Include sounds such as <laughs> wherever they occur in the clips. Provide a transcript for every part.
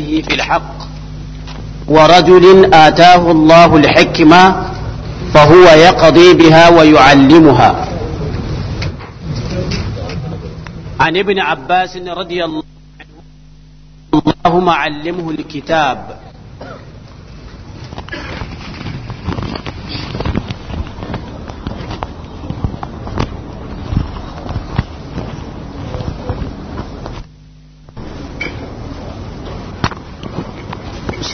نفسه في الحق ورجل آتاه الله الحكمة فهو يقضي بها ويعلمها عن ابن عباس رضي الله عنه اللهم علمه الكتاب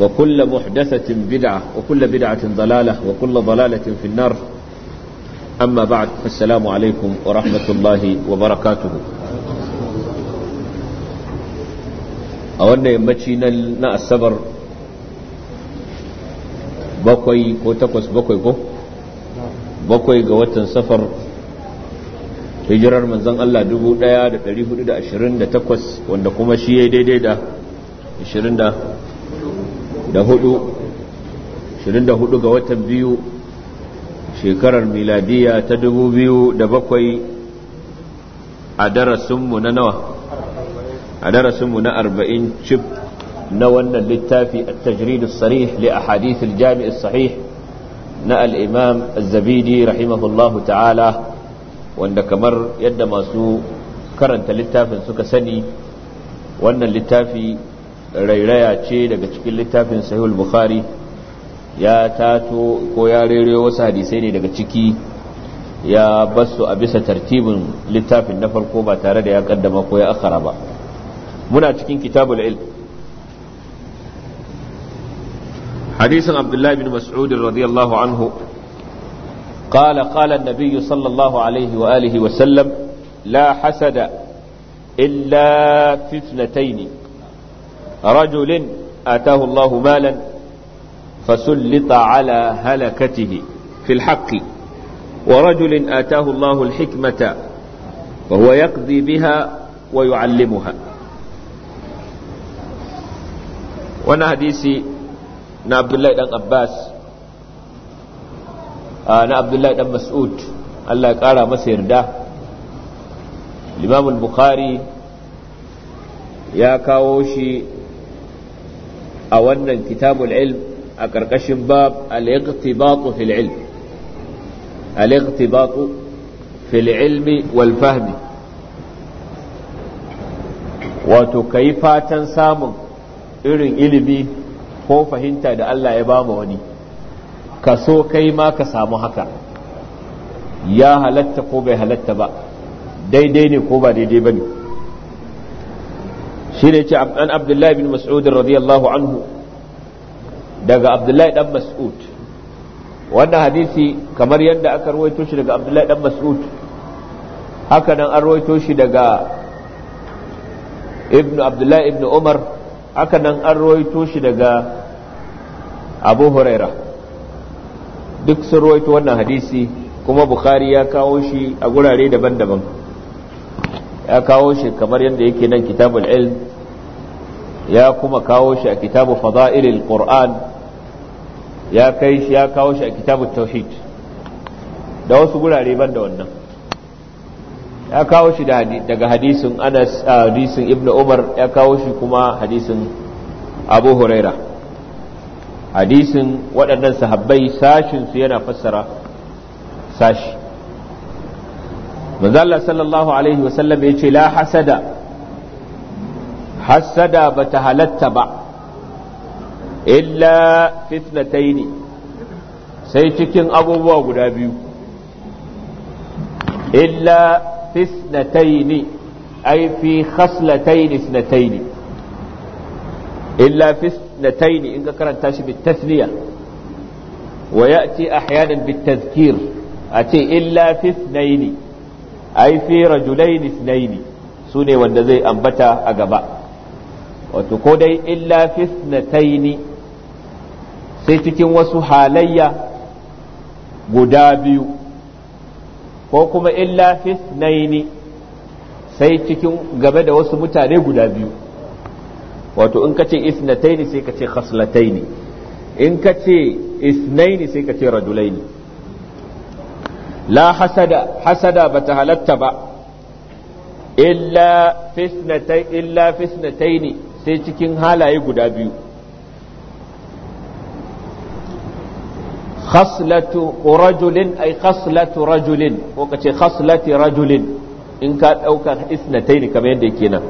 وكل محدثة بدعة وكل بدعة ضلالة وكل ضلالة في النار أما بعد فالسلام عليكم ورحمة الله وبركاته أولا يمتشي نلنا السبر bakwai ko takwas bakwai ko bakwai ga watan safar hijirar manzon Allah 1428 wanda kuma shi ya daidai da da hudu hudu ga watan biyu shekarar miladiya ta dubu biyu da bakwai a darasinmu na nawa a darasinmu na arba'in cif na wannan littafi a tajridu sarih li a hadithin sahih na al'imam zabidi rahimahullahu ta'ala wanda kamar yadda masu karanta littafin suka sani wannan littafi rairaya ce daga cikin littafin sahihul bukhari ya tato ko ya rairayo wasu hadisai ne daga ciki ya basu a bisa tartibin littafin na farko ba tare da ya kaddama ko ya akara ba muna cikin kitabul ilm hadisin abdullahi bin mas'ud radiyallahu anhu قال قال النبي sallallahu الله wa وآله wa sallam la hasada illa اثنتين rajulin atahu Allahu malan fasullita ala halakatihi fil haqqi wa rajulin atahu Allahu al-hikmata wa huwa yaqdi biha wa yu'allimuha wannan hadisi na Abdullahi dan Abbas na Abdullahi dan Mas'ud Allah ya kara masa yarda limamul الإمام ya kawo shi. a wannan kitabul ilm a ƙarƙashin bab al-iqtibatu fil ilm al-iqtibatu fil ilmi wal fahmi wato kai fatan samun irin ilimi ko fahimta da Allah ya bama wani ka so kai ma ka samu haka ya halatta ko bai halatta ba daidai ne ko ba daidai ba ne shi ne ce an abdullahi bin mas'ud radiyallahu anhu daga abdullahi dan mas'ud wannan hadisi kamar yadda aka rawaito shi daga abdullahi dan mas'ud haka nan an rawaito shi daga ibn abdullahi ibn umar haka nan an rawaito shi daga abu huraira duk sun rawaito wannan hadisi kuma bukhari ya kawo shi a gurare daban-daban ya kawo shi kamar yadda yake nan kitabul ilm ya kuma kawo shi a kitabu fada'ilil qur'an ya kai shi ya kawo shi a kitabu tauhid da wasu gurare ban da wannan ya kawo shi daga hadisin anas hadisin ibnu umar ya kawo shi kuma hadisin abu huraira hadisin waɗannan sahabbai sashin su yana fassara sashi manzo Allah sallallahu alaihi wasallam ya ce la hasada hasada bata halatta ba illa fitnataini sai cikin abubuwa guda biyu illa fitnataini ai fi khaslataini fitnataini illa fitnataini in ka karanta shi bitasniya wa ya'ti ahyanan bitazkir a ce illa fitnaini ai fi rajulaini ithnaini sune wanda zai ambata a gaba wato ko dai illa fisnataini sai cikin wasu halayya guda biyu ko kuma illa fisnaini sai cikin game da wasu mutane guda biyu wato in ka ce isnataini sai ka ce khaslataini in ka ce isnaini sai ka ce rajulaini la hasada hasada bata halatta ba illa fisnatai illa sai cikin halaye guda biyu khaslatu rajulin ay khaslatu rajulin ko kace rajulin in ka dauka isnataini kamar yadda yake nan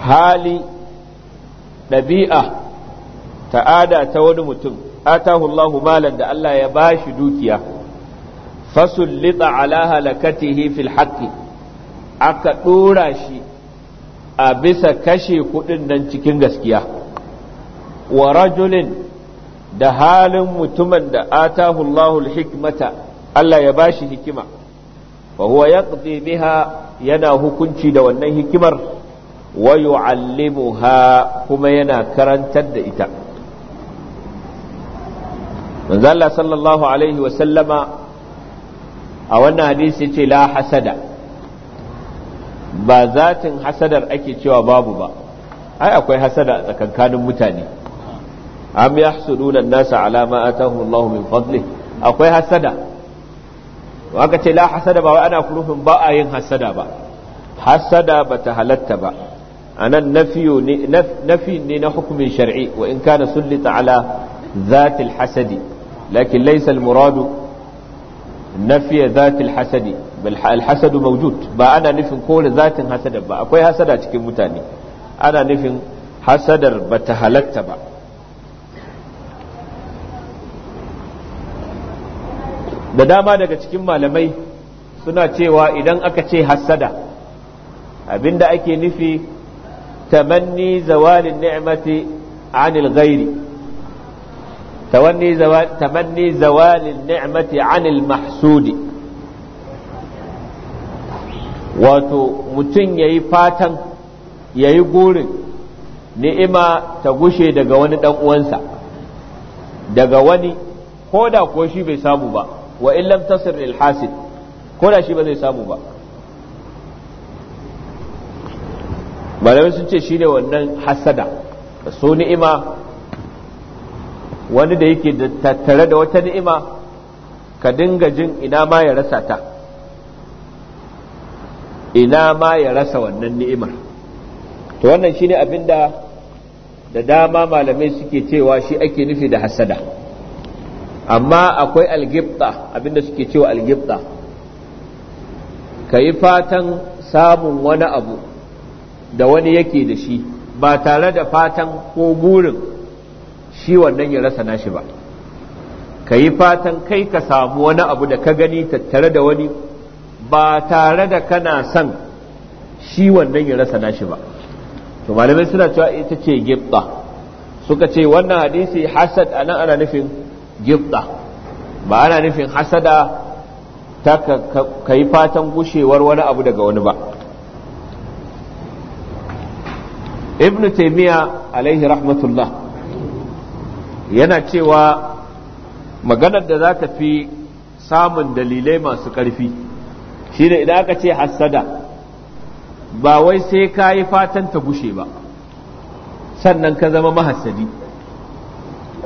hali ɗabi'a ta'ada ta wani mutum atahu Allahu malan da Allah ya bashi dukiya fasullita ala halakatihi fil haqqi aka dora shi a bisa kashe kudin nan cikin gaskiya wa rajulin da halin mutumin da atahu Allahul hikmata Allah ya bashi hikima fa huwa yaqdi biha yana hukunci da wannan hikimar wa yu'allimuha kuma yana karantar da ita manzo Allah sallallahu alaihi wa sallama a wannan hadisi ce la hasada ba zatin hasadar ake cewa babu ba ai akwai hasada a tsakankanin mutane am yahsuduna an-nasa ala ma atahu Allahu min fadli akwai hasada aka ce la hasada ba wai ana kurufin ba a yin hasada ba hasada bata halatta ba anan nafiyu nafi ne na hukumin shar'i wa in kana sullita ala zatil hasadi lakin laysa al-muradu nafiya zatil hasadi bal alhasadu maujud ba ana nufin kore zatin hasada ba akwai hasada cikin mutane ana nufin hasadar bata halatta ba da dama daga cikin malamai suna cewa idan aka ce hasada abinda ake nufi tamanni zawalin ni'mati anil ghairi tamanni zawalin ni'mati anil mahsudi wato mutum ya yi fatan ya yi gurin ni'ima ta gushe daga wani ɗan uwansa daga wani ko da ko shi bai samu ba wa illam tasir lil hasid ko da shi ba zai samu ba malamai sun ce shine wannan hasada su ni'ima wani da yake tattare da wata ni'ima ka dinga jin ina ma ya rasa ta ina ma ya rasa wannan ni'imar to wannan shine abinda da dama malamai suke cewa shi ake nufi da hasada amma akwai algibta abinda suke cewa algibta ka yi fatan samun wani abu da wani yake da shi ba tare da fatan ko burin shi wannan ya rasa nashi ba ka yi fatan kai ka samu wani abu da ka gani tattare da wani ba tare da kana san shi wannan ya rasa nashi ba to malamai suna cewa ita ce gibda suka ce wannan hadisi hasad nan ana nufin gibda ba ana nufin hasada ta ka yi fatan gushewar wani abu daga wani ba ibn taymiya alaihi rahmatullah yana cewa maganar da za ta fi samun dalilai masu ƙarfi shine idan aka ce hassada ba wai sai ka yi fatan ta gushe ba sannan ka zama mahassadi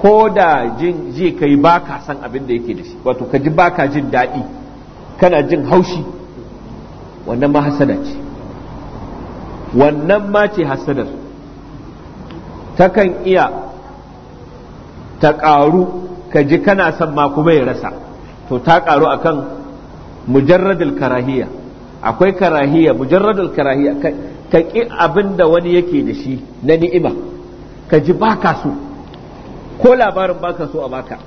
ko da jin ji ka yi ba ka san abin da yake da shi wato ka ji ba ka jin daɗi kana jin haushi wannan ma hasada ce wannan ma ce hasadar takan iya ta ƙaru ka ji kana son ma kuma ya rasa to ta ƙaru akan mujarradul karahiya akwai karahiya mujarradul karahiya ka ƙi abin da wani yake da shi na ni'ima ka ji baka so ko labarin baka so a baka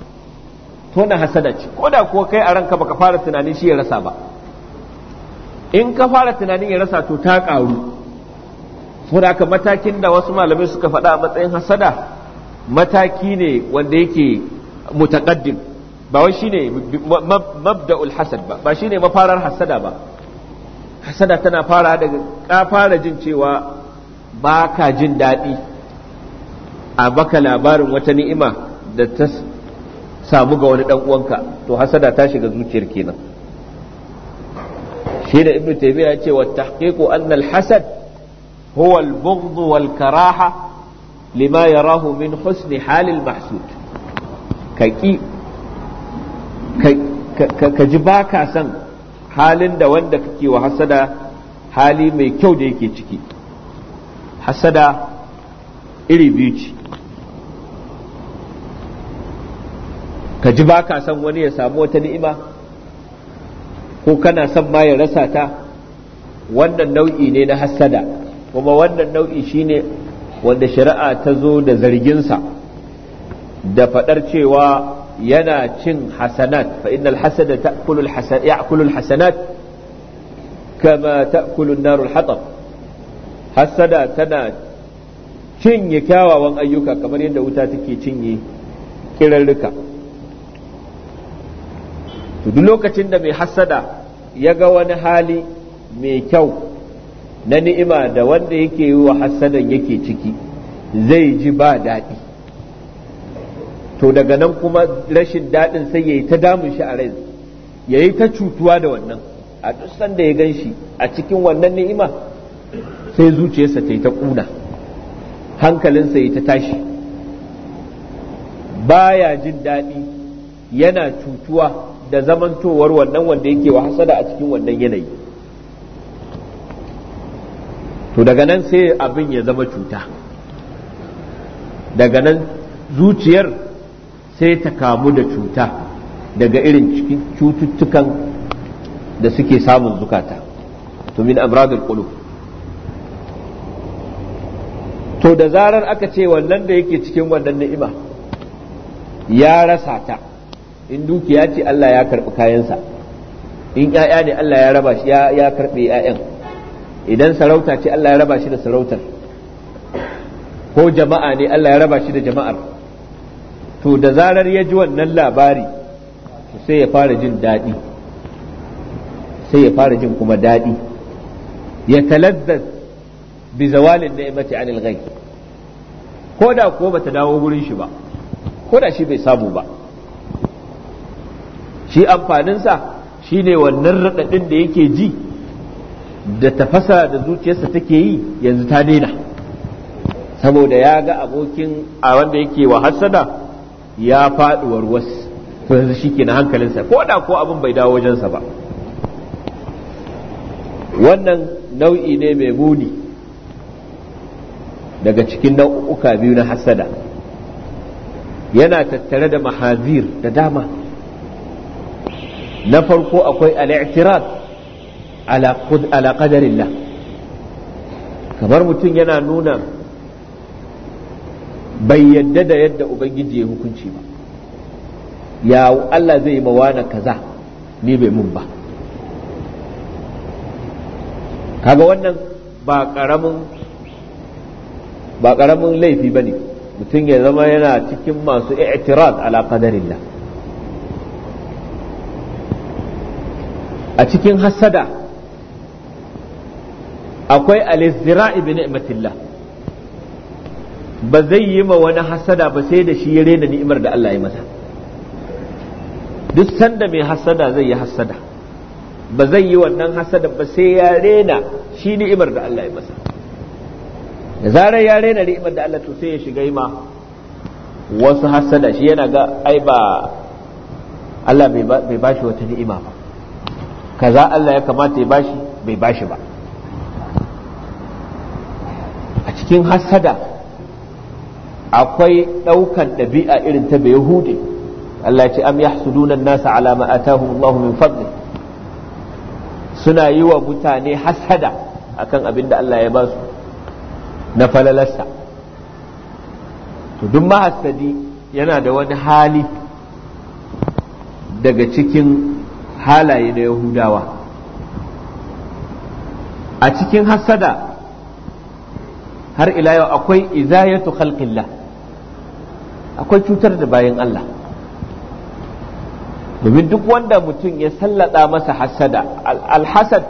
to na hasada ce ko da kuwa kai a ranka baka fara tunanin shi ya rasa ba in ka fara tunanin ya rasa to ta ƙaru saboda matakin da wasu malamai suka faɗa a matsayin hasada mataki ne wanda yake mutaqaddim ba wai shine mabda'ul hasad ba ba shine mafarar hasada ba hasada tana fara daga ka fara jin cewa ba ka jin daɗi a baka labarin wata ni'ima da ta samu ga wani uwanka to hasada ta shiga zuciyar kenan shi da ibnu taymiya ya ce wa tahqiqu anna al hasad huwa al bughd wal karaha lima yarahu min husni halil mahsud ka ka ji ba ka san halin da wanda kake wa hasada hali mai kyau da yake ciki hasada iri biyu ce ka ji ba ka san wani ya samu wata ni'ima ko kana son ma ya rasa ta wannan nau'i ne na hasada kuma wannan nau'i shine wanda shari'a ta zo da zarginsa da faɗar cewa yana cin hasanat fa innal hasada ta'kulu ya'kulu hasanat kama ta'kulu an-naru al-hatab hasada tana cinye kyawawan ayyuka kamar yadda wuta take cinye kirarruka to duk lokacin da mai hasada ya ga wani hali mai kyau na ni'ima da wanda yake yi wa hasadan yake ciki zai ji ba daɗi to daga nan kuma rashin daɗin sai ya yi ta damun shi a rai ya yi ta cutuwa da wannan a duk sanda ya gan shi a cikin wannan ni'ima sai zuciyarsa ta yi ta ƙuna hankalinsa ya ta tashi Ba ya jin daɗi yana cutuwa da zamantowar wannan wanda yake wa hasada a cikin wannan yanayi to daga nan sai abin ya zama cuta daga nan zuciyar sai ta kamu da cuta daga irin cututtukan da suke samun zukata to min amradul qulub to da zarar aka ce wannan da yake cikin wannan ni'ima ya rasa ta in dukiya ce Allah ya karbi kayansa in 'ya'ya ne Allah ya raba shi ya karbe 'ya'yan idan sarauta ce Allah ya raba shi da sarautar ko jama'a ne Allah ya raba shi da jama'ar to da zarar ya ji wannan labari sai ya fara jin daɗi sai ya fara jin kuma daɗi ya talazzaz bi zawalin imati anil ghayb ko da ko bata dawo gurin shi ba ko da shi bai samu ba shi amfaninsa shine wannan raɗaɗin da yake ji da tafasa da zuciyarsa take yi yanzu ta daina saboda ya ga abokin a wanda yake wa hasada ya faduwar wasu to yanzu shi ke na hankalinsa ko da ko abin bai dawo wajensa ba wannan nau'i ne mai muni daga cikin nau'uka biyu na hasada yana tattare da mahazir da dama na farko akwai al'i'tiraf ala qadarillah kamar mutum yana nuna bai yadda da yadda ubangiji ya hukunci ba ya Allah zai yi wani kaza ni bai mun ba kaga wannan ba ƙaramin ba karamin laifi ba ne mutum ya zama yana cikin masu i'tirad ala qadarillah a cikin hasada akwai alizira ibn ni'matillah ba zai yi ma wani hasada ba sai da shi ya rena ni'imar da Allah ya masa duk sanda mai hasada zai yi hasada ba zai yi wannan hasada ba sai ya rena shi ni'imar da Allah ya masa da zarar ya rena ni'imar da Allah to sai ya shiga ma wasu hasada shi yana ga ai ba Allah bai bashi wata ni'ima ba kaza Allah ya kamata ya bashi bai bashi ba a cikin hasada akwai ɗaukan ɗabi'a irin ta hude. Allah ce am yahsuduna nasa ala ma atahum Allahu min fadli suna yi wa mutane hasada akan abin da Allah ya ba su na falalarsa to duk mahasadi yana da wani hali daga cikin halaye na Yahudawa a cikin hasada har ila yau akwai izayatu khalqillah akwai cutar da bayan Allah domin duk wanda mutum ya sallada masa hasada alhasad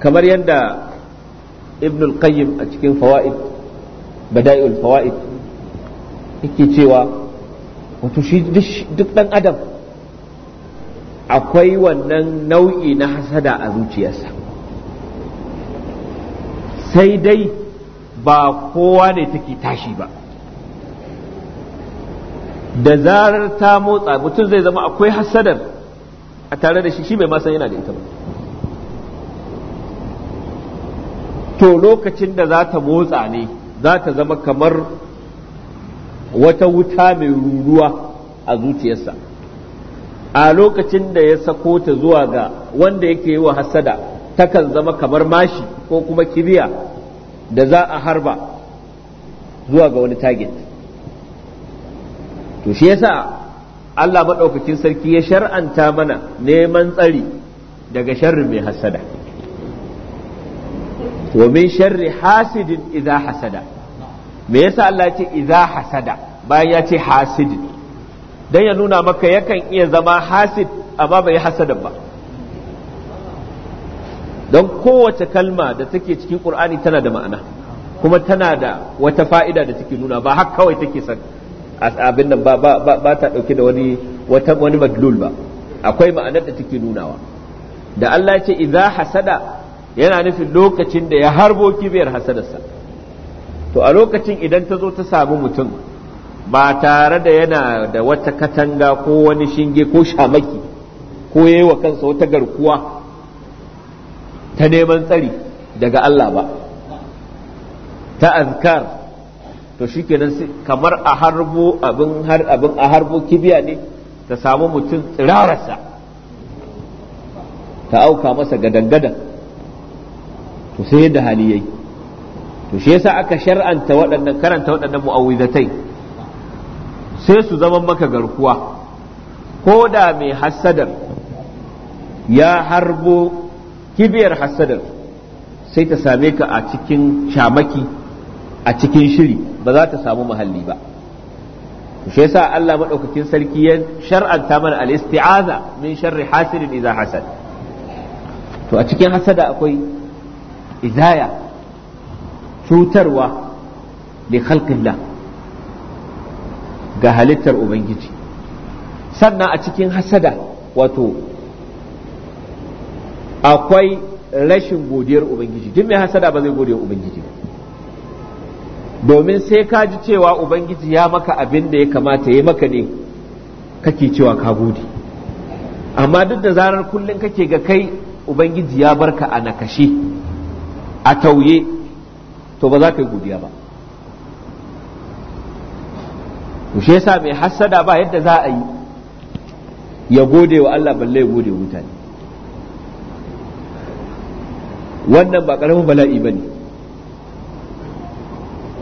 kamar yadda ibn al-qayyim a cikin fawaid bada'iul fawaid yake cewa wato shi duk dan adam akwai wannan nau'i na hasada a zuciyarsa sai dai ba kowa ne take tashi ba da zarar ta motsa mutum zai zama akwai hasadar a tare da shi shi mai masan yana da ita ba to lokacin da za ta motsa ne za ta zama kamar wata wuta mai ruruwa a zuciyarsa a lokacin da ya sako ta zuwa ga wanda yake yi wa hasada takan zama kamar mashi ko kuma kibiya da za a harba zuwa ga wani target to shi yasa Allah maɗaukakin sarki ya shar'anta mana neman tsari daga sharrin mai hasada wa min sharri hasidin idza hasada me yasa Allah ya ce idza hasada bayan ya ce hasidin dan ya nuna maka yakan iya zama hasid amma bai hasada ba don kowace kalma da take cikin qur'ani tana da ma'ana kuma tana da wata fa'ida da take nuna ba har kawai take san abin nan ba ba ta dauke da wani wata wani madlul ba akwai ma'anar da take nunawa da Allah ya ce idza hasada yana nufin lokacin da ya harbo kibiyar hasadarsa to a lokacin idan ta zo ta samu mutum ba tare da yana da wata katanga ko wani shinge ko shamaki ko yayi wa kansa wata garkuwa ta neman tsari daga Allah ba ta azkar to shikenan kamar a harbo abin a harbo kibiya ne ta samu mutum tsirararsa ta auka masa gadangadan to sai yadda hali yayi to shi yasa aka shar'anta waɗannan karanta waɗannan mu'awwizatai sai su zama maka garkuwa ko da mai hassadar ya harbo kibiyar hasadar sai ta same ka a cikin shamaki a cikin shiri ba za ta samu muhalli ba shi yasa Allah maɗaukakin sarki ya shar'anta mana al-isti'aza min sharri hasidin idza hasad to a cikin hasada akwai izaya cutarwa li khalqillah ga halittar ubangiji sannan a cikin hasada wato akwai rashin godiyar ubangiji duk mai hasada ba zai gode wa ubangiji ba domin sai ka ji cewa ubangiji ya maka abin da ya kamata ya maka ne kake cewa ka gode amma duk da zarar kullum kake ga kai ubangiji ya barka a nakashe a tauye to ba za ka yi godiya ba to shi yasa mai hasada ba yadda za a yi ya gode wa Allah balle ya gode mutane wannan ba karamin bala'i ba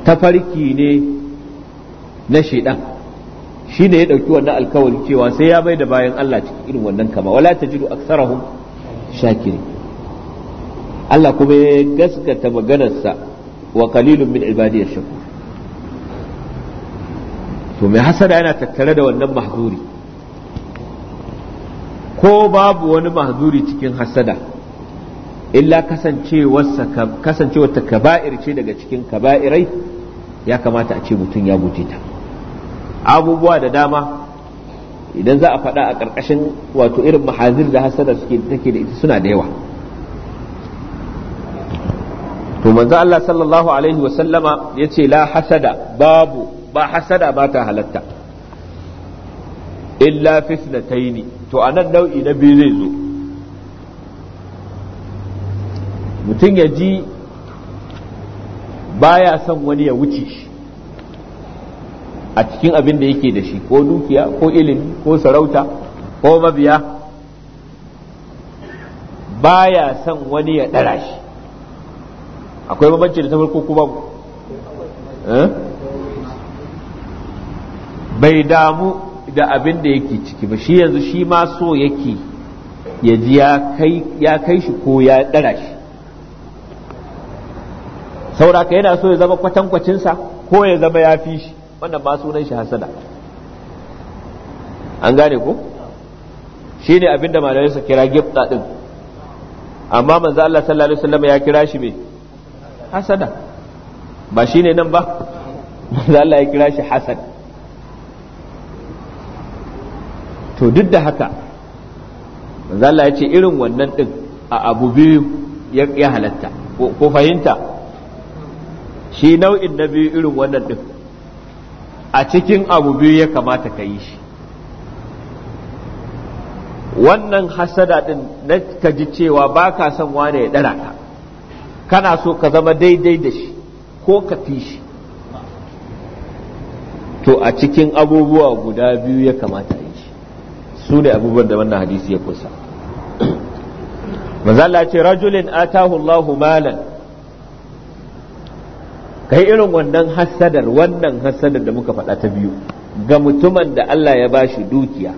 Ta tafarki ne na shaidan shi ne ya ɗauki wannan alkawari cewa sai ya bai da bayan Allah cikin irin wannan kama wala ta jiru aksarahum shakiri Allah kuma ya gaskata maganarsa wa kalilun min ibadiyash shakur to mai hasada yana tattare da wannan mahzuri ko babu wani mahzuri cikin hasada illa kasancewar ta kaba'ir ce daga cikin kaba'irai ya kamata a ce mutum ya guje ta abubuwa da dama idan za a faɗa a ƙarƙashin wato irin mahazir da hasada suke take da ita suna da yawa to manzo Allah sallallahu alaihi wa sallama yace la hasada babu ba hasada ba ta halatta illa fisnataini to anan nau'i na biyu zai zo mutum ya ji baya son wani ya wuce shi a cikin abin da yake da shi ko dukiya ko ilimi ko sarauta ko mabiya baya son wani ya ɗara shi akwai bambanci da ta farko kuma eh? bai damu da abin da yake ciki ba shi yanzu shi ma so yake ya ji ya kai shi ko ya ɗara shi sauraka yana so ya zama kwatankwacinsa ko ya zama ya fi shi wannan ba sunan shi hasada an gane ko shi ne abinda malamai su kira gifta ɗin amma manzo Allah sallallahu alaihi wasallam ya kira shi me hasada ba shi ne nan ba manzo Allah ya kira shi hasad to duk da haka manzo Allah ya ce irin wannan din a abu biyu ya halatta ko fahimta shi nau'in na biyu irin wannan ɗin a cikin abu biyu ya kamata ka yi shi wannan hasada din na ka ji cewa ba ka son wane ya ɗara ka kana so ka zama daidai da shi ko ka fi shi to a cikin abubuwa guda biyu ya kamata a yi shi su ne abubuwan da wannan hadisi ya kusa manzala ce rajulin atahu Allahu malan kai irin wannan hasadar wannan hasadar da muka faɗa ta biyu ga mutumin da Allah ya ba shi dukiya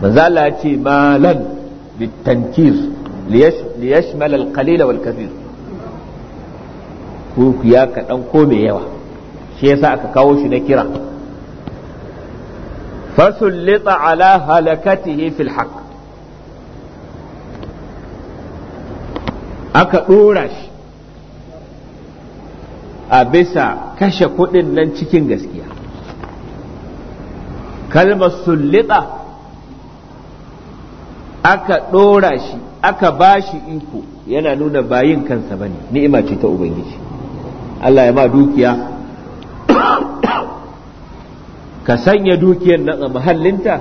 manzo Allah ce malan bitankir liyashmal al wal kathir ya kaɗan ko mai yawa shi yasa aka kawo shi na kira fasullita ala halakatihi fil haqq aka ɗora shi a bisa kashe kuɗin nan cikin gaskiya kalmar sullita aka ɗora shi aka ba shi iko yana nuna bayin kansa ba ne ni'ima ce ta ubangiji Allah ya ma dukiya ka sanya dukiyar nan a mahallinta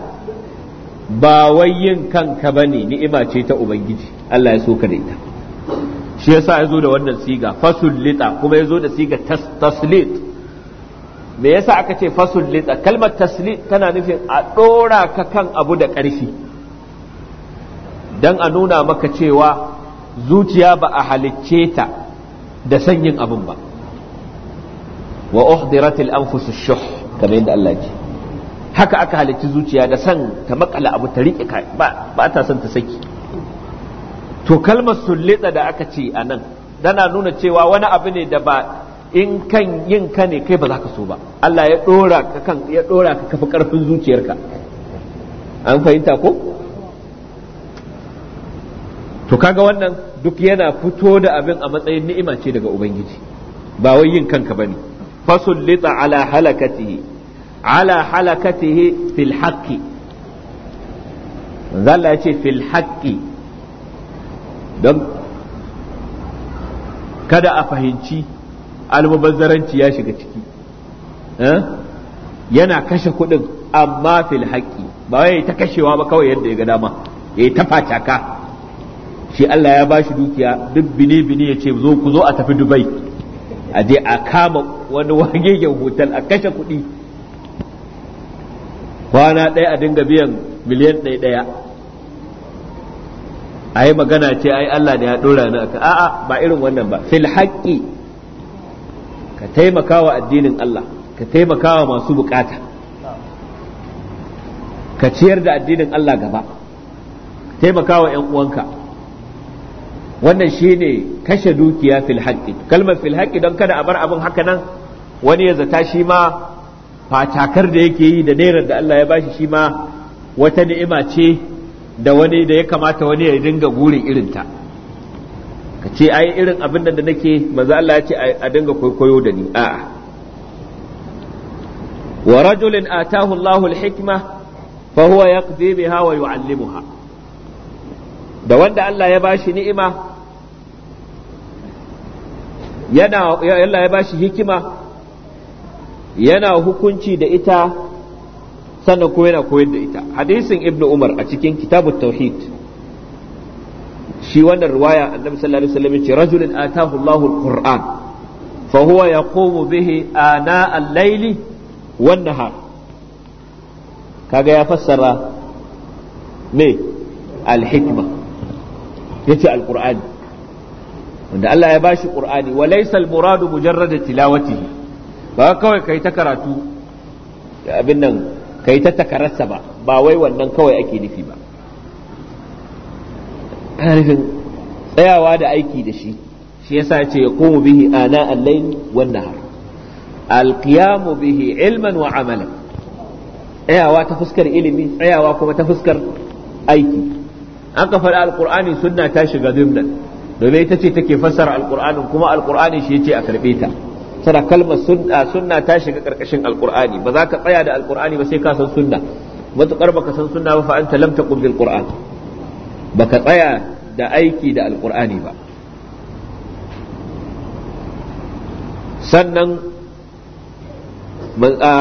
ba wai yin kanka ba ne ni'ima ce ta ubangiji Allah ya so ka da ita shi yasa ya zo da wannan siga fasullita kuma ya zo da siga taslit me yasa aka ce fasullita kalmar taslit tana nufin a ɗora ka kan abu da ƙarfi don a nuna maka cewa zuciya ba a halicce ta da sanyin abin ba wa uhdiratil anfusu shuh kamar yadda Allah ce haka aka halicci zuciya da san ta makala abu ta riƙe ba ta son ta saki to kalmar sulleta da aka ce a nan tana nuna cewa wani abu ne da ba in kan yin ka ne kai ba za ka so ba Allah ya dora ka kan ya dora ka kafa karfin zuciyarka an fahimta ko to kaga wannan duk yana fito da abin a matsayin ni'ima ce daga ubangiji ba wai yin kanka bane fasullita ala halakatihi ala halakatihi fil haqqi Allah ya ce fil haqqi don kada a fahimci almubazzaranci ya shiga ciki eh? yana kashe kuɗin amma fil haƙƙi ba wai ta kashewa ba kawai yadda ya ga dama ya ta caka. shi Allah ya ba shi dukiya duk bine bine ya ce zo ku zo a tafi Dubai a je a kama wani wagegen hotel a kashe kuɗi kwana ɗaya a dinga biyan miliyan ɗaya ai magana ce ai Allah ne ya dora ni aka a'a ba irin wannan ba fil haqqi ka taimakawa addinin Allah ka taimakawa masu bukata ka ciyar da addinin Allah gaba taimakawa yan uwanka wannan shine kashe dukiya fil haqqi kalmar fil haqqi don kada a bar abin haka nan wani ya zata shi ma fatakar da yake yi da nairar da Allah ya bashi shi ma wata ni'ima ce da wani da ya kamata wani ya dinga gurin irinta ka ce ai irin abin da nake maza Allah ya ce a dinga kwaikwayo da ni a'a wa rajulin atahu Allahul hikma fa huwa yaqdi biha wa yu'allimuha da wanda Allah ya bashi ni'ima yana Allah ya bashi hikima yana hukunci da ita sannan kuma yana koyar da ita hadisin ibn umar a cikin kitabut tauhid shi wannan riwaya annabi sallallahu alaihi wasallam ce rajulun atahu Allahu qur'an fa huwa yaqumu bihi ana al-layli wan nahar kaga ya fassara me al-hikma yace al-qur'ani wanda Allah ya bashi qur'ani wa laysa al-muradu mujarrad tilawatihi ba kawai kai ta karatu abin nan kai ta takararsa ba ba wai wannan kawai ake nufi ba ana tsayawa da aiki da shi shi yasa ce ya komo bihi ana allain wannan har alkiyamu bihi ilman wa amalan tsayawa ta fuskar ilimi tsayawa kuma ta fuskar aiki ka faɗi alkur'ani sunna ta shiga zimnan domin ita ce take fassara alkur'anin kuma alkur'ani shi ce a karɓe ta tana kalmar sunna sunna ta shiga ƙarƙashin alqur'ani ba za ka tsaya da alqur'ani ba sai ka san sunna matukar baka san sunna ba fa anta lam taqum bil qur'an baka tsaya da aiki da alqur'ani ba sannan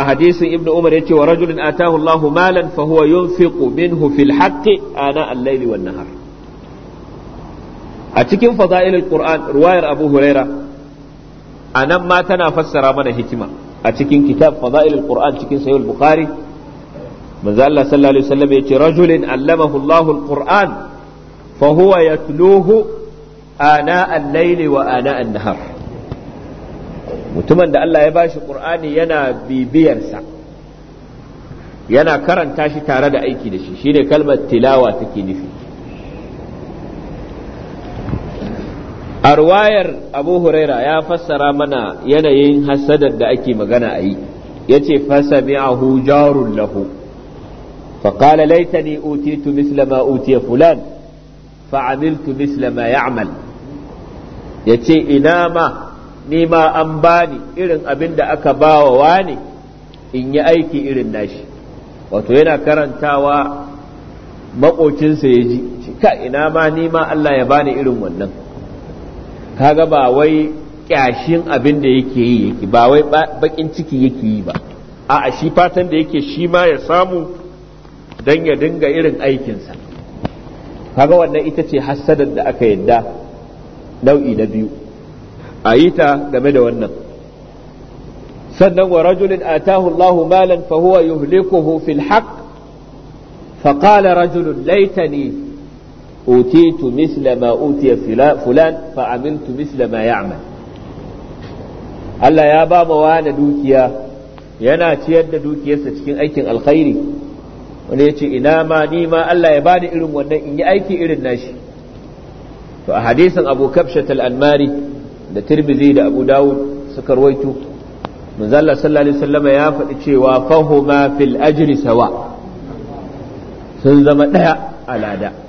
hadisin ibnu umar ya ce wa rajulin atahullahu malam malan fa huwa yunfiqu minhu fil haqqi ana al-layli a cikin fadailul qur'an ruwayar abu huraira nan ma tana fassara mana hikima a cikin kitab fadailul qur'an cikin sahih al-bukhari manzo Allah sallallahu alaihi wasallam yace rajulin allamahu Allahu al-qur'an fa huwa yatluhu ana al-layli wa ana an-nahar mutumin da Allah ya bashi qur'ani yana bibiyarsa yana karanta shi tare da aiki da shi shine kalmar tilawa take nufi a ruwayar abu huraira ya fassara mana yanayin hasadar da ake magana a yi ya ce fasami'ahu jarun lahu faƙala laitani utitu misla ma utiya fulan fa'amiltu mislama ma ya'mal ya ce ina ma ni ma an bani irin abin da aka ba wa wani in yi aiki irin nashi wato yana karantawa maƙocinsa ya ji ka ina ma ni ma Allah ya bani irin wannan kaga ba wai kyashin abin da yake yi yake ba wai bakin ciki yake yi ba a shi fatan da yake shi ma ya samu don ya dinga irin aikinsa kaga wannan ita ce hassadar da aka yadda nau'i na biyu a yi ta game da wannan sannan wa rajulin atahu Allahu malan fa huwa yuhlikuhu fil haqq fa qala rajulun laitani utitu misla ma utiya fa amiltu misla ma Allah ya ba wa dukiya yana ciyar da dukiyarsa cikin aikin alkhairi wani ya ce ina ma ni ma Allah ya bani irin wannan in yi aiki irin nashi to a hadisin abu kabshat al da tirbizi da abu dawud suka rawaito manzo sallallahu alaihi wasallam ya faɗi cewa fahuma fil ajri sawa sun zama daya alada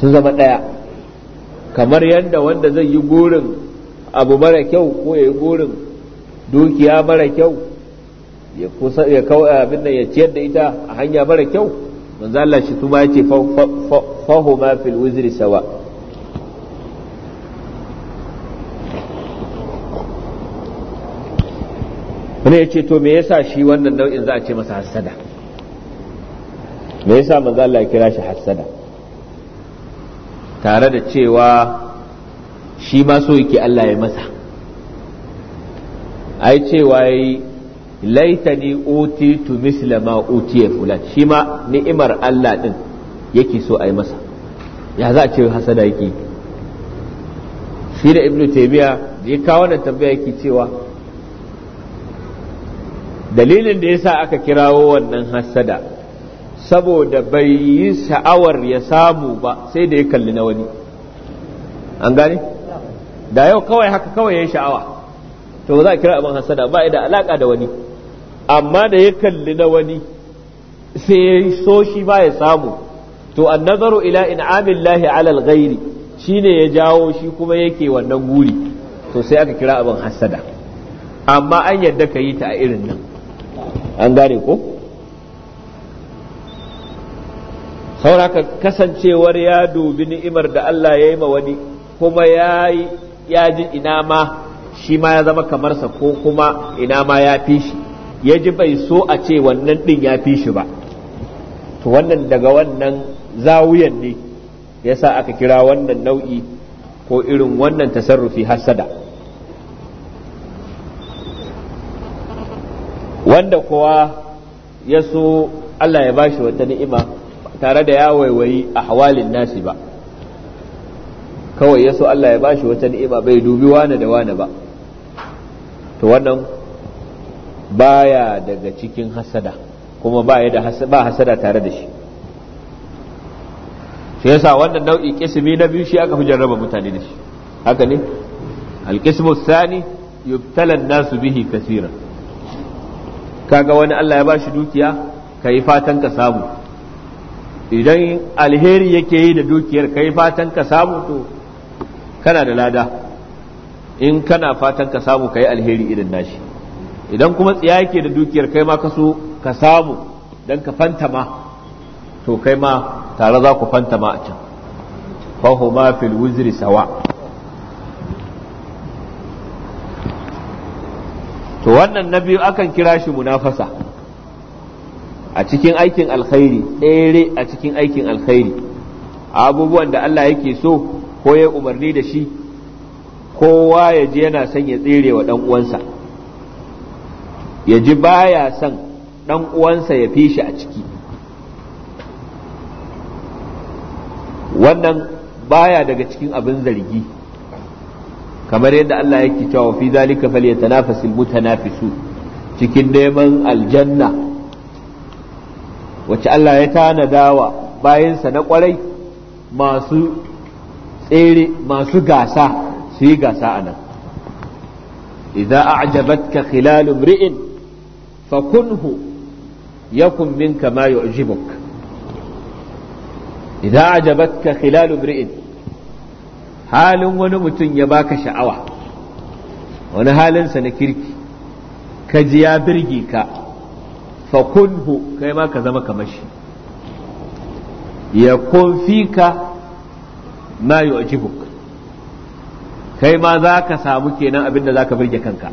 sun zama ɗaya kamar yadda wanda zai yi gorin abu mara kyau ko ya yi gorin dukiya mara kyau ya kusa ya kawai abin da ya ciyar da ita a hanya mara kyau manzo Allah shi kuma yace ma fil wizri sawa wani ya ce to me yasa shi wannan nau'in za a ce masa hassada me yasa manzo Allah ya kira shi hassada tare da cewa shi ma so yake Allah ya masa ai cewa yi laitani oti tu misla ma ya fulan shi ma ni'imar Allah din yake so a yi masa ya za a ce hasada yake shi da ibnu taymiya je kawo da tambaya yake cewa dalilin da yasa aka kirawo wannan hasada saboda bai yi sha'awar ya samu ba sai da ya kalli na wani an gane da yau kawai haka kawai ya yi sha'awa to za a kira abin hasada ba da alaka da wani amma da ya kalli na wani sai ya so shi ba ya samu to an nazaru ila in amin lahi alal shi ne ya jawo shi kuma yake wannan guri to sai aka kira abin hasada amma an yadda ka yi ta a irin nan an gane ko sauraka kasancewar ya dubi ni'imar da Allah ya yi ma wani kuma ya ya ji ina ma shi ma ya zama kamarsa ko kuma ina ma ya fi shi ya ji bai so a ce wannan ɗin ya fi shi ba to wannan daga wannan zawuyan ne ya sa aka kira wannan nau'i ko irin wannan tasarrufi hassada wanda kuwa ya so Allah ya bashi wata ni'ima tare da ya waiwayi a hawalin nasi ba kawai ya so Allah ya bashi wata ni'ima bai dubi wane da wane ba to wannan baya daga cikin hasada kuma baya da ba hasada tare da shi shi yasa wannan nau'i kismi na biyu shi aka fi jarraba mutane da shi haka ne alkismu sani yubtala nasu bihi kasira kaga wani Allah ya bashi dukiya kai fatan ka samu idan alheri yake yi da dukiyar kai fatan ka samu to kana da lada in kana fatan ka samu kai alheri irin nashi idan kuma tsiya yake da dukiyar kai ma ka so ka samu dan ka fanta ma to kai ma tare za ku fanta ma a can fahuma fil wuzri sawa to wannan na biyu akan kira shi munafasa a cikin aikin alkhairi tsere a cikin aikin alkhairi abubuwan da Allah yake so ko ya umarni da shi kowa ya ji yana son ya tsere wa ɗan uwansa ya ji baya son ɗan uwansa ya fi shi a ciki wannan baya daga cikin abin zargi kamar yadda Allah yake cewa fi zalika falyatanafasil mutanafisu cikin neman aljanna wacce Allah ya tanada wa bayansa na kwarai masu tsere masu gasa su yi gasa a nan idan a'jabatka khilalu fa kunhu yakun minka ma yu'jibuk idza a'jabatka khilalu mri'in halin wani mutum ya baka sha'awa wani halinsa na kirki ka ji ya birge ka fa kunhu kai ma ka zama kamar shi ya fika ma yu'jibuk kai ma za ka samu kenan abin da za ka birge kanka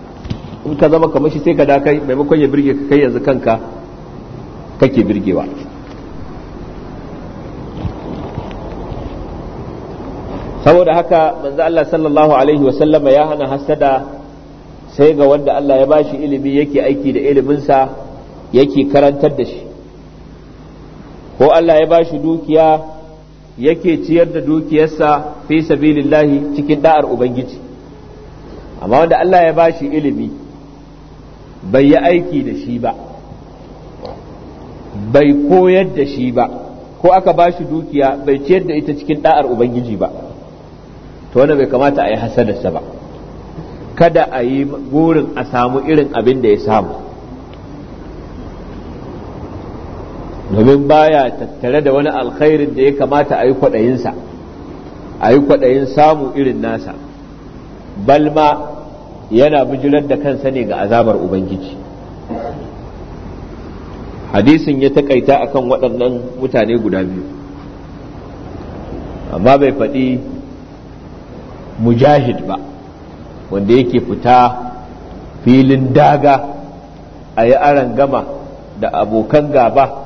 in ka zama kamar shi sai ka da kai maimakon ya birge ka kai yanzu kanka kake birgewa saboda haka manzo Allah sallallahu alaihi wasallama ya hana hasada sai ga wanda Allah ya bashi ilimi yake aiki da iliminsa yake karantar da shi ko Allah ya bashi dukiya yake ciyar da dukiyarsa fi sabilillahi cikin da'ar ubangiji amma wanda Allah ya bashi ilimi bai yi aiki da shi ba bai koyar da shi ba ko aka bashi dukiya bai ciyar da ita cikin da'ar ubangiji ba to wannan bai kamata a yi hasadarsa ba kada a yi burin a samu irin abin da ya samu domin baya tattare da wani alkhairin da ya kamata a yi kwaɗayinsa a yi kwaɗayin samu irin nasa balma yana bijirar da kansa ne ga azabar ubangiji hadisin ya takaita akan waɗannan mutane guda biyu amma bai faɗi mujahid ba wanda yake fita filin daga a yi aran gama da abokan gaba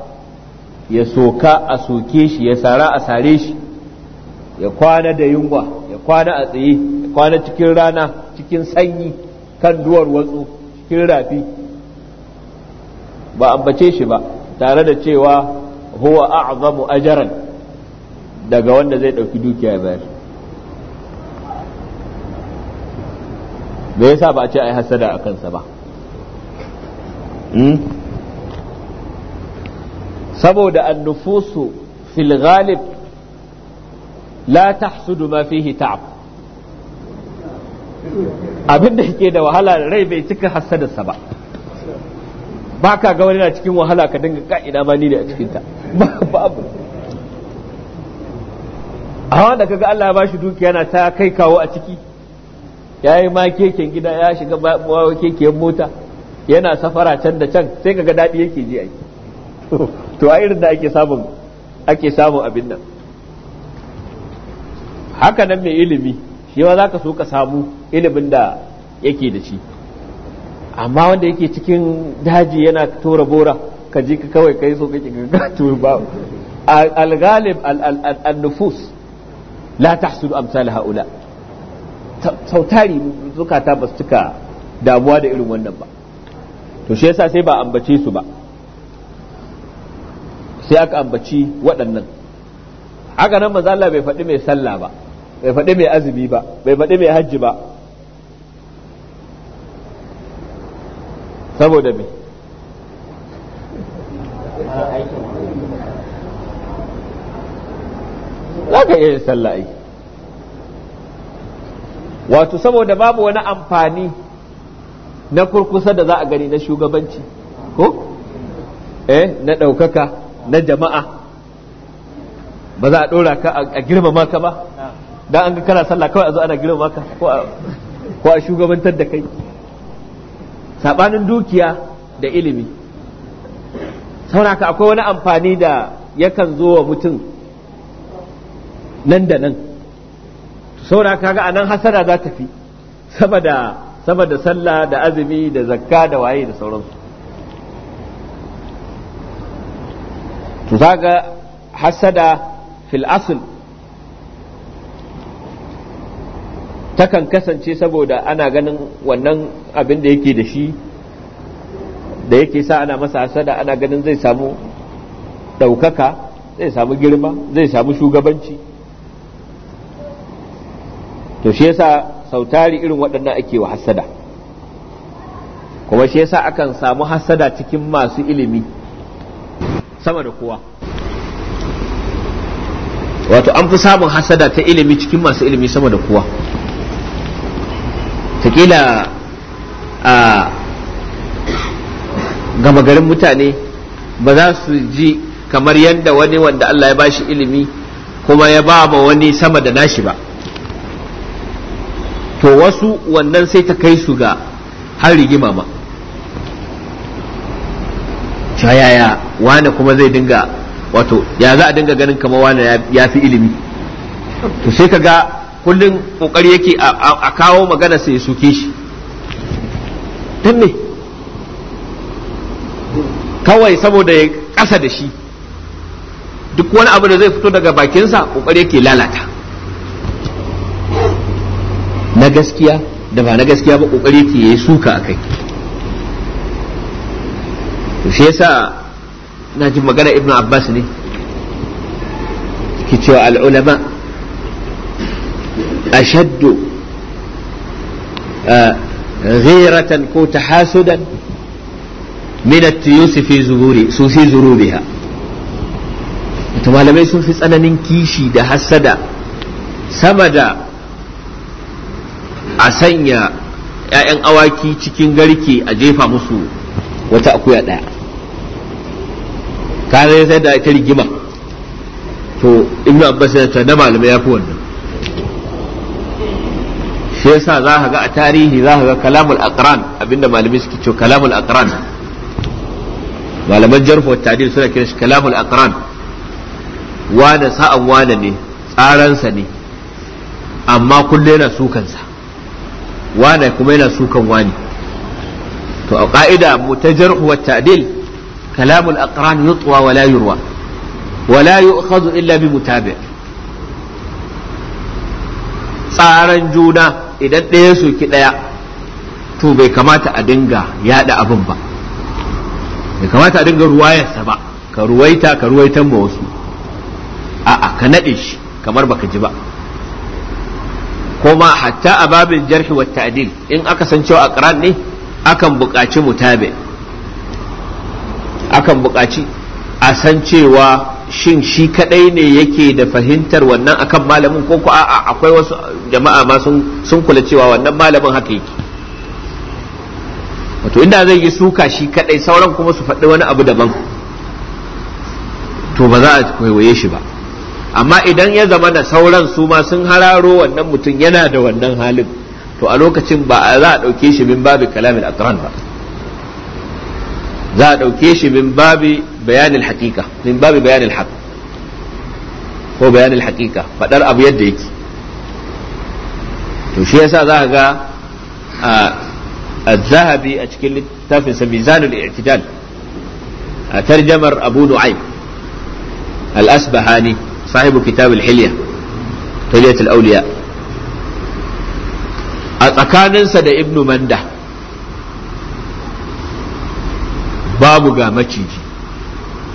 ya soka a soke shi ya sara a sare shi ya kwana da yunwa ya kwana a tsaye ya kwana cikin rana cikin sanyi kan duwar watsu cikin rafi ba ambace shi ba tare da cewa huwa a'zamu ajaran daga wanda zai ɗauki dukiya ya bayar me yasa ba a ce ai hasada a kansa ba hmm? saboda annufusu fil ghalib la tahsudu ma fihi ta'ab abin da yake da wahala rai bai cika hasadarsa ba ba ka ga wani na cikin wahala ka dinga ka'ina ma ni ne a cikinta <laughs> babu a wanda kaga Allah ya bashi dukiya na ta kai kawo a ciki ya yi ma keken gida ya shiga keken mota yana safara can da can sai kaga daɗi yake ji ai to a irin da ake samun ake samun abin nan haka nan mai ilimi shi ma za ka so ka samu ilimin da yake da shi amma wanda yake cikin daji yana tora bora ka ji ka kawai kai so kake ga to ba al-ghalib al nufus la tahsul amsal haula sautari zukata ba su cika damuwa da irin wannan ba to shi yasa sai ba ambace su ba sai aka ambaci waɗannan haka nan manzo Allah bai faɗi mai sallah ba bai faɗi mai azumi ba bai faɗi mai hajji ba saboda me za ka iya yin sallah ai wato saboda babu wani amfani na kurkusa da za a gani na shugabanci ko eh na ɗaukaka na jama'a ba za a ɗora ka a girmama ka ba dan an ga kana sallah kawai a zo ana girmama ka ko a shugabantar da kai sabanin dukiya da ilimi ka akwai wani amfani da yakan zo wa mutum nan da nan ka ga anan hasara za ta fi saboda saboda sallah da azumi da zakka da waye da sauransu to hasada fil asl takan kasance saboda ana ganin wannan abin da yake da shi da yake sa ana masa hasada ana ganin zai samu ɗaukaka zai samu girma zai samu shugabanci to shi yasa sautari irin waɗannan ake wa hasada kuma shi yasa akan samu hasada cikin masu ilimi sama da kowa wato an fi samun hasada ta ilimi cikin masu ilimi sama da kowa takila a gama garin mutane ba za su ji kamar yadda wani wanda Allah ya ba shi ilimi kuma ya ba ma wani sama da nashi ba to wasu wannan sai ta kai su ga har rigima ma ta yaya wane kuma zai dinga wato ya za a dinga ganin kamar wane ya fi ilimi to sai ka ga kullum kokari yake a kawo magana sai ya suke shi don ne kawai saboda ya kasa da shi duk wani abu da zai fito daga bakinsa kokari yake lalata na gaskiya da ba na gaskiya ba kokari yake ya yi suka a kai. to shi yasa ina jin magana ibnu abbas ne ki cewa al'ulama ashaddu eh, ghiratan ko tahasudan min at-tuyus fi zuburi su fi zurubiha to malamai sun fi tsananin kishi da hassada sama da a sanya ‘ya'yan awaki cikin garke a jefa musu wata akuya ɗaya ka zai sai da ita rigima to ibnu abbas ya ta da malamai ya fi wannan shi yasa za ka ga a tarihi za ka ga kalamul aqran abinda malamai suke cewa kalamul aqran malaman jarh wa ta'dil suna kiran shi kalamul aqran wane sa'an wane ne tsaransa ne amma kullum yana sukansa wane kuma yana sukan wani to a ƙa'ida mutajar wa ta'dil kalamul aqran yutwa wa la yurwa wa la yu'khadhu illa bi mutabi tsaran juna idan ɗaya soki ɗaya to bai kamata a dinga yada abin ba bai kamata a dinga ruwayarsa ba ka ruwaita ka ruwaitan ba wasu a'a ka naɗe shi kamar baka ji ba kuma hatta a babin jarhi wa ta'dil in aka san cewa aqran ne akan buƙaci mutabe akan buƙaci a san cewa shin shi kadai ne yake da fahimtar wannan akan malamin ko ko a'a akwai wasu jama'a ma sun kula cewa wannan malamin haka yake wato inda zai yi suka shi kadai sauran kuma su faɗi wani abu daban to ba za a kwaiwaye shi ba amma idan ya zama da sauran su ma sun hararo wannan mutum yana da wannan halin to a lokacin ba a za a ɗauke shi bin babi kalamin aqran ba za a ɗauke shi bin babi bayanin haƙiƙa bin babi bayanin haƙ ko bayanin haƙiƙa faɗar abu yadda yake to shi yasa za a ga a zahabi a cikin littafin sa mizanul i'tidal a tarjamar abu nu'aym al-asbahani sahibu kitab al-hilya hilyatul awliya a tsakaninsa da ibnu manda babu ga maciji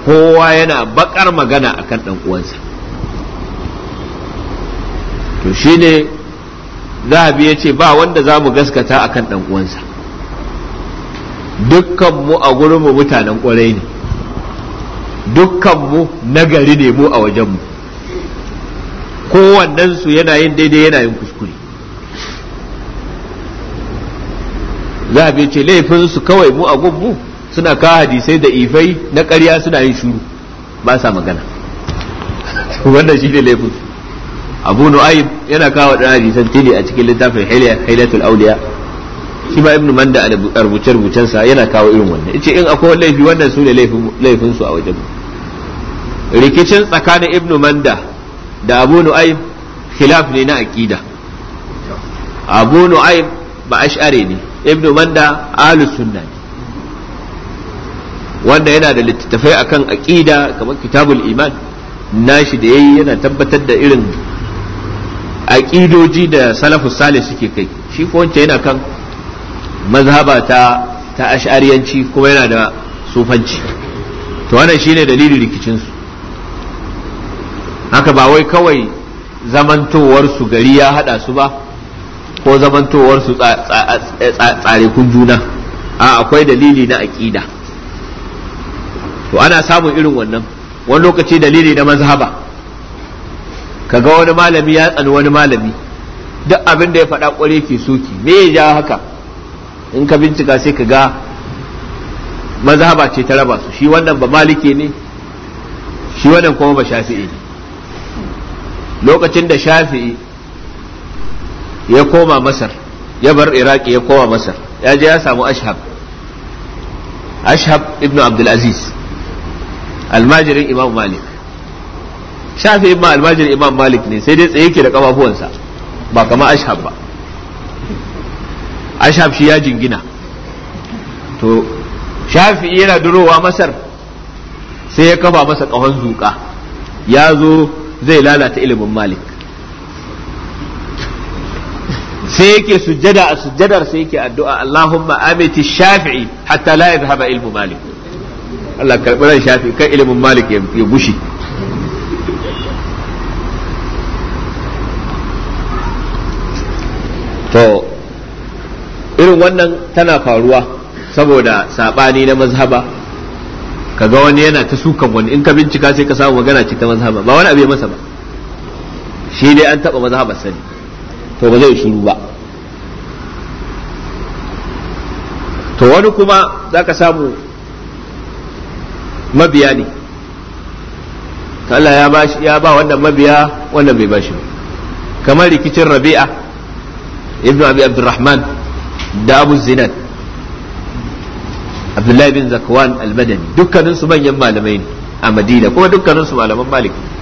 kowa yana bakar magana akan ɗan ɗan'uwansa to shi ne zahabi ya ce ba wanda za mu gaskata akan ɗan uwansa dukkanmu a gurinmu mutanen ƙwarai ne dukkanmu nagari ne mu a wajenmu kowannensu yana yin daidai yana yin kuskure a ya ce laifin su kawai mu a gubbu suna ka hadisai da ifai na ƙarya suna yin shuru ba sa magana <laughs> wannan shi ne laifin abu nu'aib yana kawo ɗan hadisan tili a cikin littafin hailatul auliya shi ma ibnu manda a rubuce rubucensa yana kawo irin wannan yace in akwai laifi wannan su ne laifin su a wajen rikicin tsakanin ibnu manda da abu nu'aib khilaf ne na aqida abu nu'aib ba ash'ari ne ibnu manda ahlus sunna wanda yana da littattafai akan aqida kamar kitabul iman nashi da yayi yana tabbatar da irin aqidoji da salafu salih suke kai shi ko yana kan mazhaba ta ta ash'ariyanci kuma yana da sufanci to wannan shine dalilin rikicin su haka ba wai kawai zamantowar su gari ya hada su ba ko zamantowar su tsare kun juna a akwai dalili na aƙida to ana samun irin wannan wani lokaci dalili na mazhaba kaga wani malami ya tsani wani malami duk abin da ya faɗa ƙwarai ke soki me ya ja haka in ka bincika sai ka ga mazhaba ce ta raba su shi wannan ba malike ne shi wannan kuma ba shafi'i ne lokacin da shafi'i ya koma masar ya bar iraki ya koma masar ya je ya samu ashab ashab ibn abdulaziz almajirin imam malik shafi ma almajirin imam malik ne sai dai tsaye ke da kafafuwansa ba kama ashab ba ashab shi ya jingina to shafi yana durowa masar sai ya kafa masa ƙahon zuƙa ya zo zai lalata ilimin malik sai yake sujjada a sujjadar sai yake addu'a Allahumma amiti shafi'i hatta la yadhhaba ilmu malik Allah karbi ran shafi'i kan ilimin malik ya gushi to irin wannan tana faruwa saboda saɓani na mazhaba kaga wani yana ta sukan wani in ka bincika sai ka samu magana ce ta mazhaba ba wani abu ya masa ba shi dai an taba mazhabar sani to ba zai shuru ba to wani kuma za ka samu mabiya ne Allah ya ba wannan mabiya wannan bai bashi kamar rikicin rabi'a ibnu abi abdurrahman da abu zinan abdullahi bin zakwan al-madani dukkanin su manyan malamai a madina kuma dukkaninsu malaman maliki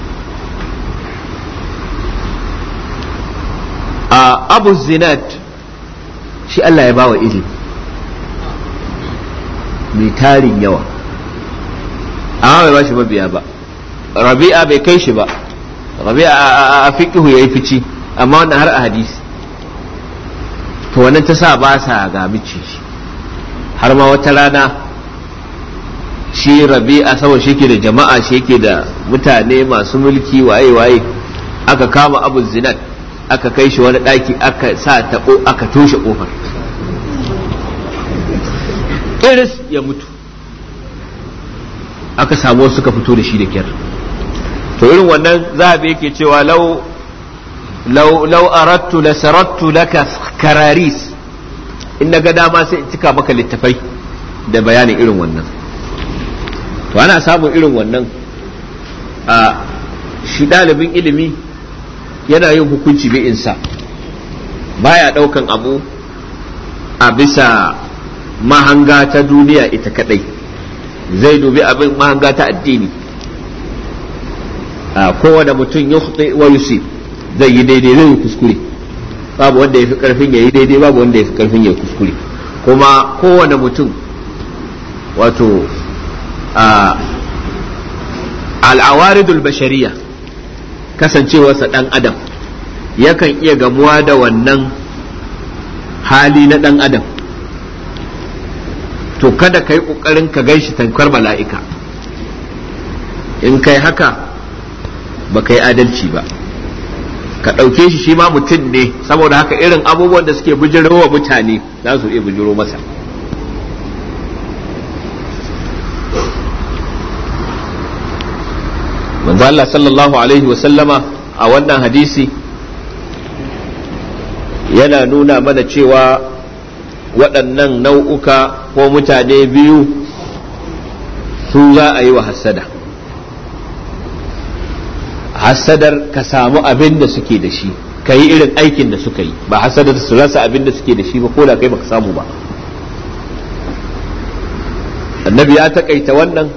a abu zinat shi Allah ya bawa ilimi mai tarin yawa amma bai ba shi mabiya ba rabi'a bai kai shi ba rabi'a a ya yi fici amma wannan har a hadisi to wannan ta sa ba sa ga shi har ma wata rana shi rabi'a sama shi ke da jama'a shi ke da mutane masu mulki waye waye aka kama abu zinat aka kai shi wani daki aka sa taɓo aka toshe ƙofar iris ya mutu aka samu ka fito da shi da kyar to irin wannan zahabi yake cewa lau lau lau arattu la sarattu laka kararis in na ga dama sai in cika maka littafai da bayanin irin wannan to ana samun irin wannan a shi ɗalibin ilimi yana yin hukunci bi insa baya daukan abu a bisa mahanga ta duniya ita kadai zai dubi abin mahanga ta addini a kowane mutum yukhti wa yusib zai yi daidai zai yi kuskure babu wanda ya fi karfin ya yi daidai babu wanda ya fi karfin ya kuskure kuma kowane mutum wato al'awaridul bashariya kasancewarsa ɗan adam yakan iya gamuwa da wannan hali na ɗan adam to kada ka yi ƙoƙarin ka gan shi tankar mala'ika in kai haka ba ka yi adalci ba ka ɗauke shi shi ma mutum ne saboda haka irin abubuwan da suke wa mutane za su iya bijiro masa manzo Allah sallallahu alaihi wa sallama a wannan hadisi yana nuna mana cewa waɗannan nau'uka ko mutane biyu su za a yi wa hassada hassadar ka samu abin da suke da shi ka yi irin aikin da suka yi ba hasadar su rasa abin da suke da shi ba ko da kai baka samu ba annabi ya takaita wannan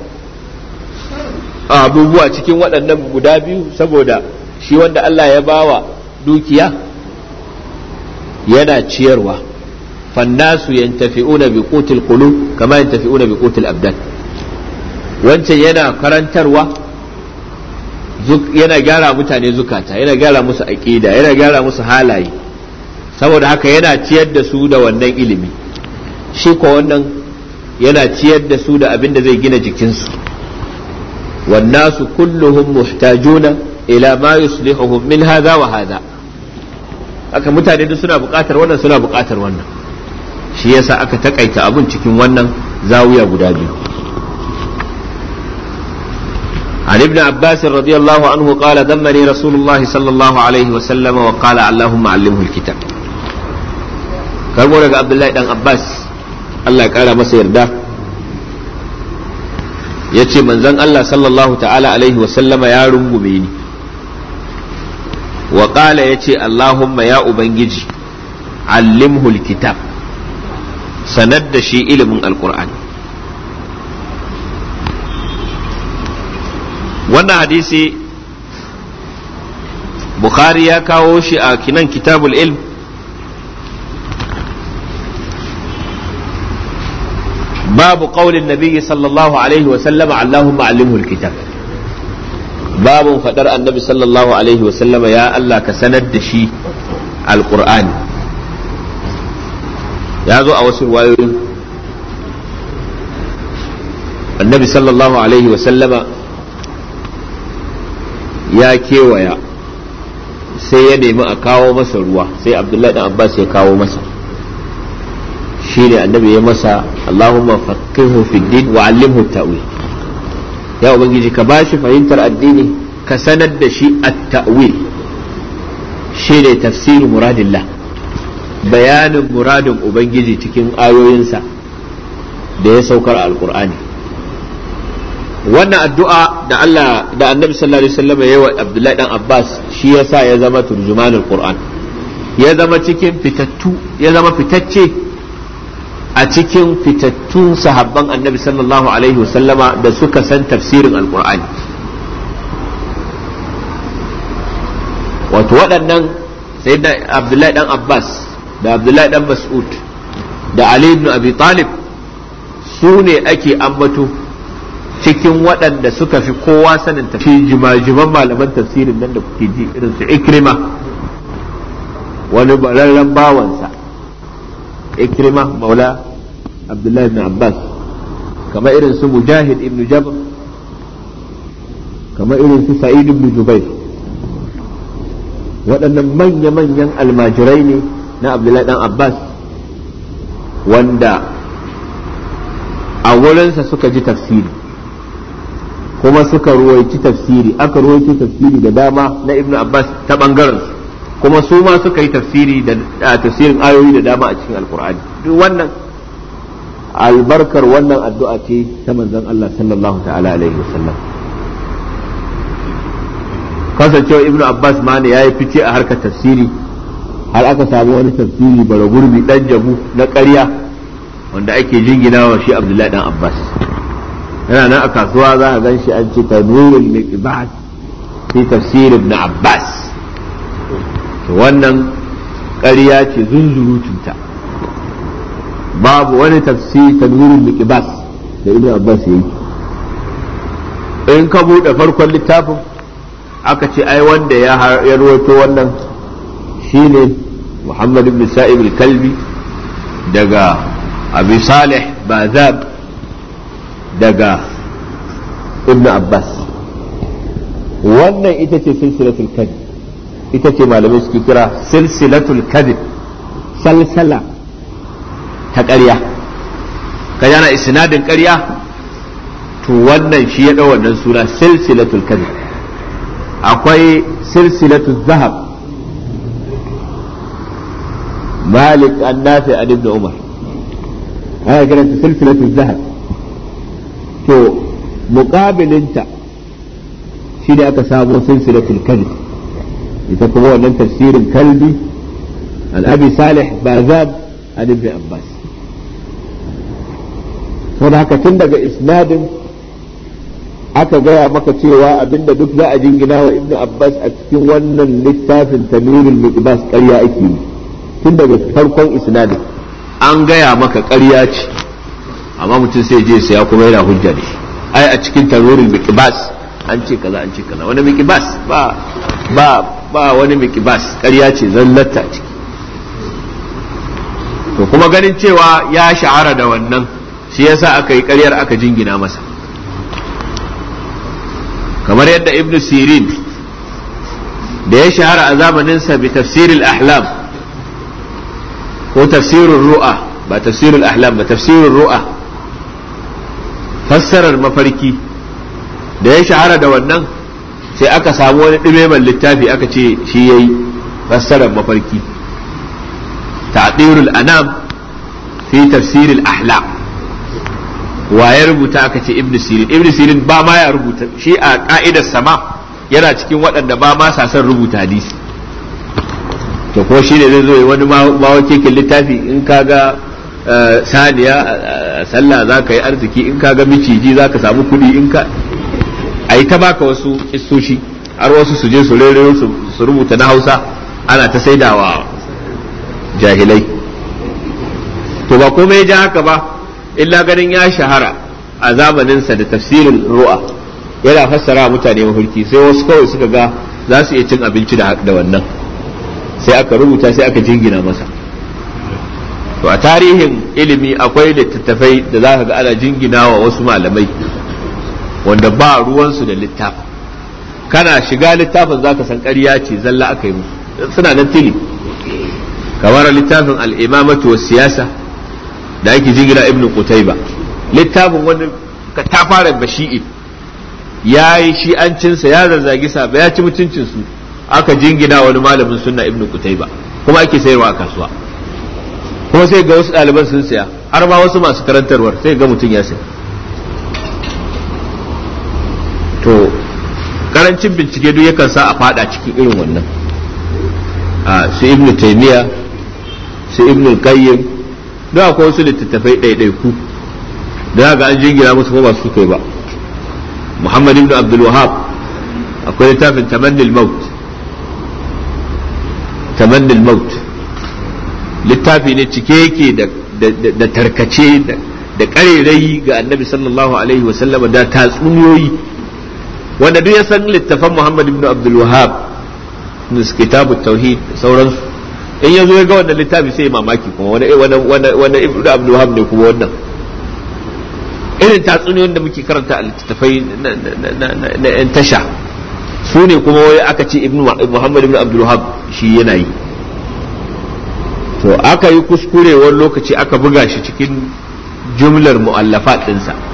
abubuwa cikin waɗannan guda biyu saboda shi wanda Allah ya bawa dukiya yana ciyarwa fannasu yantafi'una bi qutil Kulu kama yantafi'una bi qutil abdan wancan yana karantarwa yana gyara mutane zukata yana gyara musu aƙida yana gyara musu halaye saboda haka yana ciyar da su da wannan ilimi shi ko wannan yana ciyar da su da abin da zai gina jikinsu wan nasu kulluhum muhtajuna ila ma yuslihuhum min hadha wa aka mutane duk suna bukatar wannan suna bukatar wannan shi yasa aka takaita abun cikin wannan zawiya guda biyu عن ابن عباس رضي الله عنه قال ذمني رسول الله صلى الله عليه وسلم وقال اللهم علمه الكتاب كربو daga Abdullahi dan Abbas Allah ya kara masa yarda ya ce manzan Allah sallallahu ta'ala alaihi wasallama ya rungume ni wa ƙala ya ce Allahumma ya Ubangiji allimhu kitab sanar da shi ilimin alkur'ani wannan hadisi Bukhari ya kawo shi a kinan kitabul ilm babu qaulin nabiyyi sallallahu alaihi wa sallama allahumma allimhu alkitab babu fadar annabi sallallahu alaihi wa sallama ya Allah ka sanar da shi alqur'ani ya zo a wasu wayoyin. annabi sallallahu alaihi wa sallama ya kewaya sai ya nemi a kawo masa ruwa sai abdullahi dan abbas ya kawo masa shi ne annabi ya masa Allahumma faqqihhu fid din wa 'allimhu ta'wil ya ubangiji ka bashi fahimtar addini ka sanar da shi at-ta'wil shi ne tafsirin muradillah bayanin muradin ubangiji cikin ayoyinsa da ya saukar alkur'ani wannan addu'a da Allah da annabi sallallahu alaihi wasallam wa Abdullahi dan Abbas shi yasa ya zama turjumanul Qur'an ya zama cikin fitattu ya zama fitacce a cikin fitattun sahabban annabi sallallahu alaihi wasallama da suka san tafsirin alkur'ani wato waɗannan sai da abdullahi dan abbas da abdullahi dan mas'ud da ali ibn abi talib su ne ake ambato cikin waɗanda suka fi kowa sanin tafsirin jimajiman malaman tafsirin nan da kuke ji irin su ikrima wani bararren bawansa ikrima maula abdullahi ibn abbas kama irin su mujahid ibn jabr kama irin su sa'id ibn jubair waɗannan manya-manyan almajirai ne na abdullahi dan abbas wanda a wurinsa suka ji tafsiri kuma suka ruwaici tafsiri aka ruwaici tafsiri da dama na ibn abbas ta bangaren su. kuma su ma suka yi tafsiri da tafsirin ayoyi da dama a cikin alkur'ani duk wannan albarkar wannan addu'a ce ta manzon Allah sallallahu ta'ala alaihi wasallam kasancewa ibn abbas ma ne yayi fice a harkar tafsiri har aka samu wani tafsiri bara gurbi dan jabu na ƙarya wanda ake jingina wa shi abdullahi dan abbas yana nan a kasuwa za a gan shi an ce tanurul miqbat fi tafsir ibn abbas to wannan ƙarya ce zunzurutunta babu wani tafsiri tanwirin bas da ibn abbas yi in ka buɗe farkon littafin aka ce ai wanda ya ruwato wannan shine muhammad ibn sa'ib kalbi daga abu salih bazab daga ibn abbas wannan ita ce silsilatul kadhib ita ce malamai suke kira silsilatul kadhib salsala ta ƙarya ka yana isnadin ƙarya to wannan shi ya ɗau wannan suna silsilatul kadhib akwai silsilatul zahab malik annafi an ibn umar ana kiranta silsilatul zahab to muƙabilinta shi da aka samo silsilatul kadhib ita kuma wannan tafsirin kalbi an abi salih bazab an ibn abbas saboda haka tun daga isnadin aka gaya maka cewa abinda duk za a jingina wa ibn abbas a cikin wannan littafin tamirin mikbas ƙarya ake yi tun daga farkon isnadin an gaya maka ƙarya ce amma mutum sai je ya kuma yana hujja ne ai a cikin tamirin mikbas an ce kaza an ce kaza wani mikbas ba ba ba wani mikibas ƙarya ce zallata ciki to kuma ganin cewa ya sha'ara da wannan shi yasa aka yi ƙaryar aka jingina masa kamar yadda ibnu sirin da ya shahara a zamaninsa bi tafsirul ahlam ko tafsirin ru'a ba tafsirul ahlam ba tafsirin ru'a fassarar mafarki da ya shahara da wannan sai aka samu wani ɗumeman littafi aka ce shi ya yi fassarar mafarki ta'dirul anam fi tafsiril ahla wa ya rubuta aka ce ibn sirin ibn sirin ba ma ya rubuta shi a ka'idar sama yana cikin waɗanda ba ma sasan rubuta hadisi to ko shi ne zai zo wani ke littafi in ka ga eh, saniya eh, sallah za ka yi arziki in ka ga miciji za ka samu kuɗi in ka a yi ta baka wasu istoci har wasu su je su rere su rubuta na hausa ana ta saidawa jahilai to ba komai ya ja haka ba illa ganin ya shahara a zamaninsa da tafsirin ru'a yana fassara mutane mafarki sai wasu kawai suka ga za su iya cin abinci da wannan sai aka rubuta sai aka jingina masa to a tarihin ilimi akwai littattafai da za ka ga ana jingina wa wasu malamai wanda ba ruwansu da littafin kana shiga littafin ka san ƙarya ce zalla aka yi musu suna nan tili kamar littafin al'imamatu wa siyasa da ake jigila ibnu qutayba littafin wani ka ta fara bashi'i ya yi shi'ancinsa ya zazzagi saba ya ci mutuncinsu aka jingina wani malamin sunna ibnu qutayba kuma ake sayarwa a kasuwa kuma sai ga wasu ɗaliban sun saya har ma wasu masu karantarwar sai ga mutum ya saya to karancin bincike duk yakan sa a fada cikin irin wannan a su ibnu taymiya su ibnu qayyim da akwai wasu littattafai ɗaiɗaiku da ga an jingira musu ko ba su kai ba muhammad ibn abdul wahab akwai littafin tamannil maut tamannil maut littafi ne cike yake da tarkace da karerai ga annabi sallallahu alaihi wasallama da tatsuniyoyi wanda duk ya san littafan Muhammad ibn Abdul Wahhab kitabu tauhid sauransu in ya zo ya ga wannan littafi sai mamaki kuma wanda wanda ibn Abdul Wahhab ne kuma wannan irin tatsuniyoyin da muke karanta a littattafai na yan tasha su ne kuma wai aka ce ibn Muhammad ibn Abdul Wahhab shi yana yi to aka yi kuskurewar lokaci aka buga shi cikin jumlar mu'allafat ɗinsa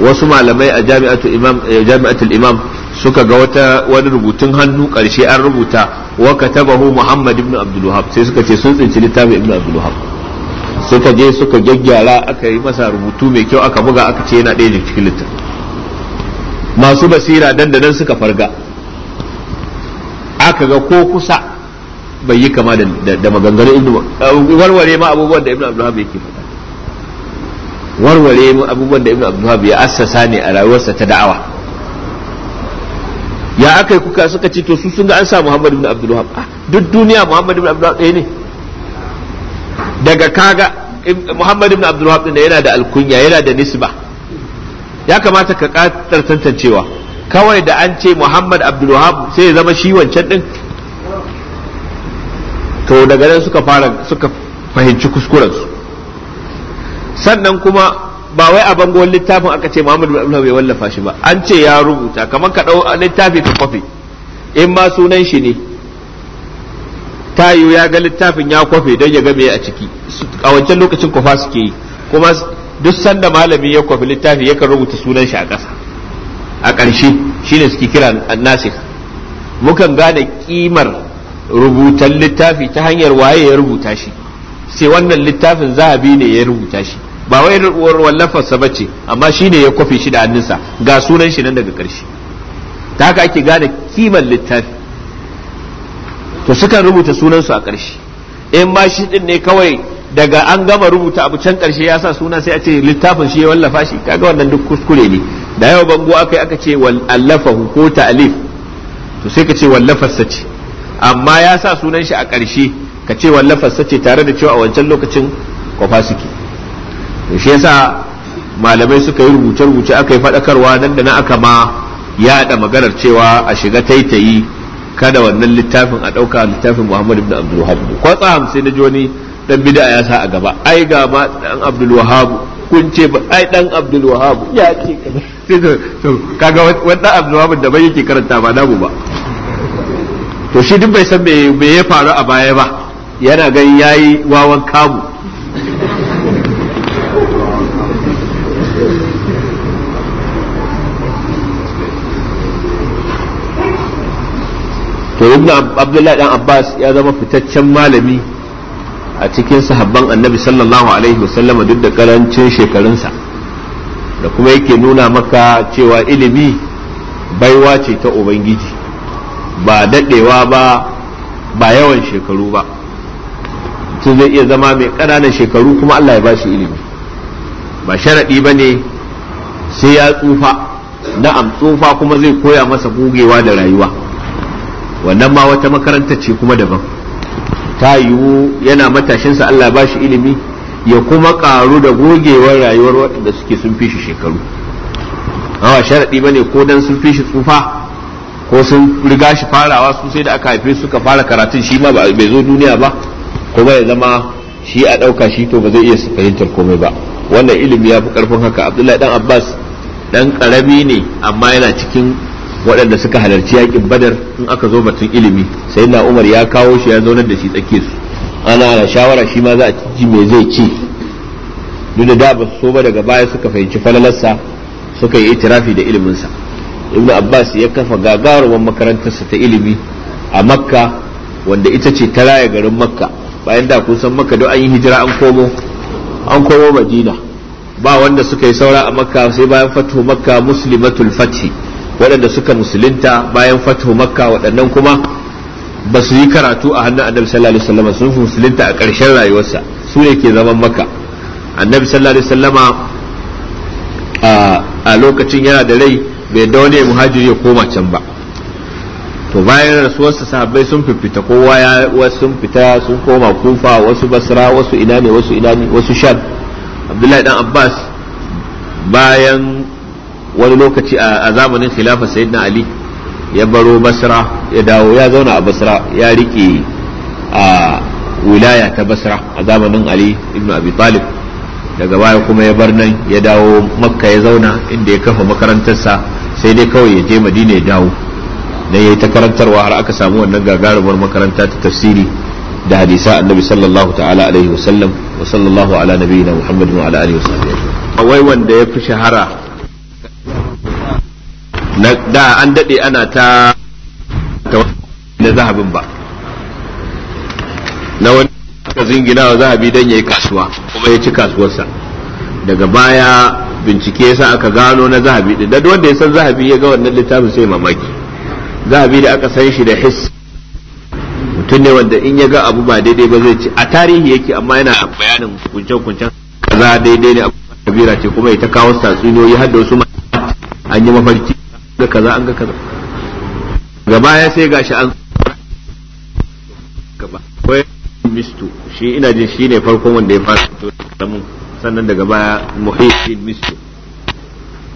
wasu malamai a eh, jami'atul imam suka ga wata wani rubutun hannu karshe an rubuta wa katabahu muhammad ibn abdul wahab sai suka ce sun tsinci littafin ibn abdul wahab suka je suka gyaggyara aka yi masa rubutu mai kyau aka buga aka ce yana ɗaya da cikin littafin masu basira dan nan suka farga aka ga ko kusa bai yi kama da maganganun ibn eh, warware ma abubuwan da ibn abdul wahab yake faɗa warware abubuwan da ibn abdullah ya assasa ne a rayuwarsa ta da'awa ya aka yi kuka suka ce to su sun ga an sa muhammad ibn ah duk duniya muhammad ibn abdullah ɗaya ne daga kaga muhammad ibn abdullah ɗin yana da alkunya yana da nisba ya kamata ka katar tantancewa kawai da an ce muhammad abdullah sai ya zama shi wancan din to daga nan suka fara suka fahimci kuskurensu sannan kuma ba wai a bangon littafin aka ce Muhammad bin Abdullah bai wallafa shi ba an ce ya rubuta kamar ka dau littafi ka kwafi in ma sunan shi ne tayu ya ga littafin ya kwafe don ya ga me a ciki a wancan lokacin kwafa suke yi kuma duk sanda malami ya kwafi littafi yakan rubuta sunan shi a ƙasa a ƙarshe shine suke kira nasikh mukan gane kimar rubutan littafi ta hanyar waye ya rubuta shi sai wannan littafin zahabi ne ya rubuta shi ba wai wallafarsa ba ce amma shi ne ya kwafi shi da hannunsa ga sunan shi nan daga ƙarshe ta haka ake gane kiman littafi to sukan rubuta sunansu a ƙarshe in ma shi ɗin ne kawai daga an gama rubuta abu can ƙarshe ya sa suna sai a ce littafin shi ya wallafa shi kaga wannan duk kuskure ne da yawa bango aka yi aka ce wallafahu ko ta'alif to sai ka ce wallafarsa ce amma ya sa sunan shi a ƙarshe ka ce wallafarsa ce tare da cewa a wancan lokacin kwafa suke to shi yasa malamai suka yi rubuce-rubuce aka yi faɗakarwa nan da na aka ma yaɗa maganar cewa a shiga taitayi kada wannan littafin a ɗauka littafin muhammad ibn abdul wahab kwatsa hamsin na joni dan bid'a ya sa a gaba ai ga ma dan abdul wahab kun ce ba ai dan abdul wahab ya ce to kaga wannan abdul wahab da bai yake karanta ba namu ba to shi duk bai san me ya faru a baya ba yana ganin yayi wawan kamu to ibn abdullahi dan abbas ya zama fitaccen malami a cikin sahabban annabi sallallahu alaihi wasallama duk da karancin shekarunsa da kuma yake nuna maka cewa ilimi baiwa ce ta ubangiji ba daɗewa ba ba yawan shekaru ba mutum zai iya zama mai ƙananan shekaru kuma allah ya ba shi ilimi ba sharaɗi ba ne sai ya tsufa na'am tsufa kuma zai koya masa gugewa da rayuwa wannan ma wata makarantar ce kuma daban ta yiwu yana matashinsa Allah ba shi ilimi ya kuma karu da gogewar rayuwar waɗanda suke sun fi shi shekaru awa sharaɗi bane ko dan sun fi shi tsufa ko sun riga shi farawa su sai da aka haife suka fara karatun shi ma bai zo duniya ba kuma ya zama shi a ɗauka shi to ba zai iya fahimtar komai ba wannan ilimi ya fi ƙarfin haka abdullahi dan abbas dan ƙarami ne amma yana cikin waɗanda suka halarci yakin badar in aka zo batun ilimi sai na umar ya kawo shi ya zaunar da shi tsake su ana da shawara shi ma za a ci me zai ci duk da da su so ba daga baya suka fahimci falalarsa suka yi itirafi da iliminsa ibnu abbas ya kafa gagarumar makarantarsa ta ilimi a makka wanda ita ce ta raya garin makka bayan da kun san makka don an yi hijira an komo an komo madina ba wanda suka yi saura a makka sai bayan fatu makka muslimatul fathi waɗanda suka musulunta bayan fatahu makka waɗannan kuma ba su yi karatu a hannun annabi sallallahu alaihi wasallam sun musulunta a ƙarshen rayuwarsa su ne ke zaman makka annabi sallallahu alaihi wasallama a lokacin yana da rai bai da wani muhajiri ya koma can ba to bayan rasuwarsa sahabbai sun fifita kowa ya wasu sun fita sun koma kufa wasu basra wasu ina ne wasu ina ne wasu sham abdullahi dan abbas bayan wani lokaci a zamanin khilafa sayyidina ali ya baro basra ya dawo ya zauna a basra ya rike a wilaya ta basra a zamanin ali ibn abi talib daga baya kuma ya bar nan ya dawo makka ya zauna inda ya kafa makarantarsa sai dai kawai ya je madina ya dawo dan yayi ta karantarwa har aka samu wannan gagarumar makaranta ta tafsiri da hadisa annabi sallallahu ta'ala alaihi wasallam wa sallallahu ala nabiyina muhammadin wa ala alihi wasallam wai wanda ya fi shahara da an daɗe ana ta na zahabin ba na wani aka zingina wa zahabi don ya yi kasuwa kuma ya ci kasuwarsa daga baya bincike sa aka gano na zahabi din da wanda ya san zahabi ya ga wannan littafin sai mamaki zahabi da aka san shi da his mutum ne wanda in ya ga abu ba daidai ba zai ci a tarihi yake amma yana bayanin kuncen kuncen kaza daidai ne abu kabira ce kuma ita kawo tatsuniyoyi har da wasu an yi mafarki ga kaza an ga kaza gaba ya sai gashi an gaba koi mistu shi ina jin shi ne farkon wanda ya fara fito da mun sannan daga baya muhaifi mistu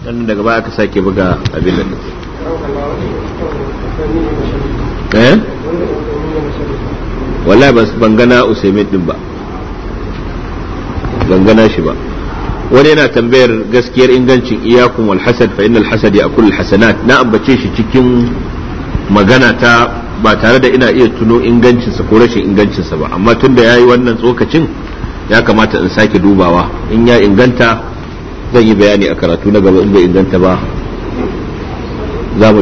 sannan daga baya aka sake buga abin da eh wallahi ban gana usaimin din ba ban gana shi ba wani yana tambayar gaskiyar ingancin iyakun walhasad hasad fa innal hasad ya kullu hasanat na ambace shi cikin magana ta ba tare da ina iya tuno ingancinsa ko rashin ingancinsa ba amma tunda yayi wannan tsokacin ya kamata in sake dubawa in ya inganta zan yi bayani a karatu na gaba in bai inganta ba za mu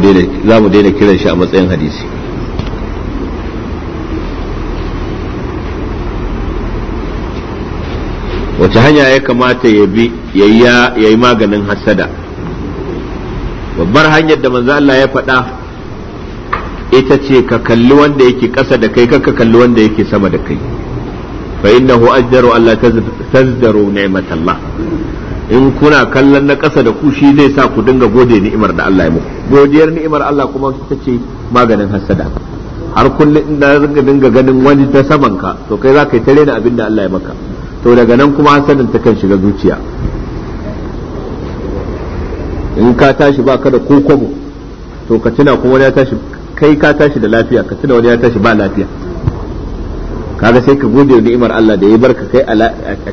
daina kiran shi a matsayin hadisi wace hanya ya kamata ya bi ya yi maganin hasada babbar hanyar da manzo Allah ya faɗa ita ce ka kalli wanda yake ƙasa da kai ka kalli wanda yake sama da kai fa innahu ajdaru Allah tazdaru Allah in kuna kallon na ƙasa da ku shi zai sa ku dinga gode ni'imar da Allah ya muku godiyar ni'imar Allah kuma ita ce maganin hasada har kullum in zaka dinga ganin wani ta saman ka to kai za ka yi tare da abinda Allah ya maka to daga nan kuma sanin ta kan shiga zuciya in ka tashi ba ka da kokobo kwabo to ka tuna kuma wani ya tashi kai ka tashi da lafiya ka tuna wani ya tashi ba lafiya kaga sai ka gode wa ni'imar Allah da ya barka kai a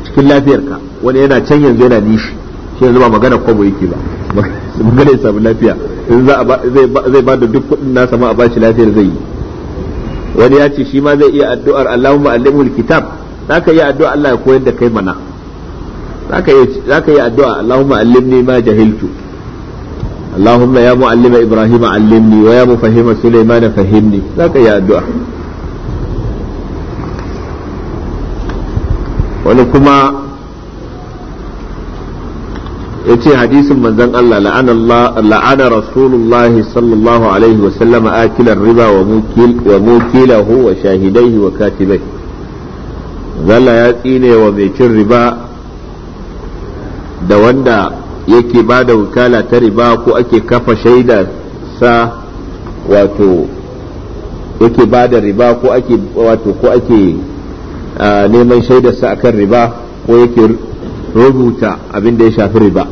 cikin lafiyarka wani yana can yanzu yana nishi shi yanzu ba magana kwabo yake ba magana ya samu lafiya in za zai ba da duk kudin nasa ma a bashi lafiyar zai yi wani ya ce shi ma zai iya addu'ar Allahumma allimul kitab za ka yi addu'a Allah ya koyar da kai mana za ka yi addu'a Allahumma allimni ma jahiltu Allahumma ya mu'allima Ibrahim allimni wa ya mu mufahima Sulaiman fahimni za ka yi addu'a wani kuma ya ce hadisin manzon Allah la'ana rasulullahi sallallahu alaihi wasallama akilar riba wa mukilahu wa shahidaihi wa katibai zalla ya tsine wa mai cin riba da wanda yake ba da wukala ta riba ko ake kafa shaida sa wato yake ba da riba ko ake wato ko ake ah, neman shaidarsa akan riba ko yake rubuta abin da ya shafi riba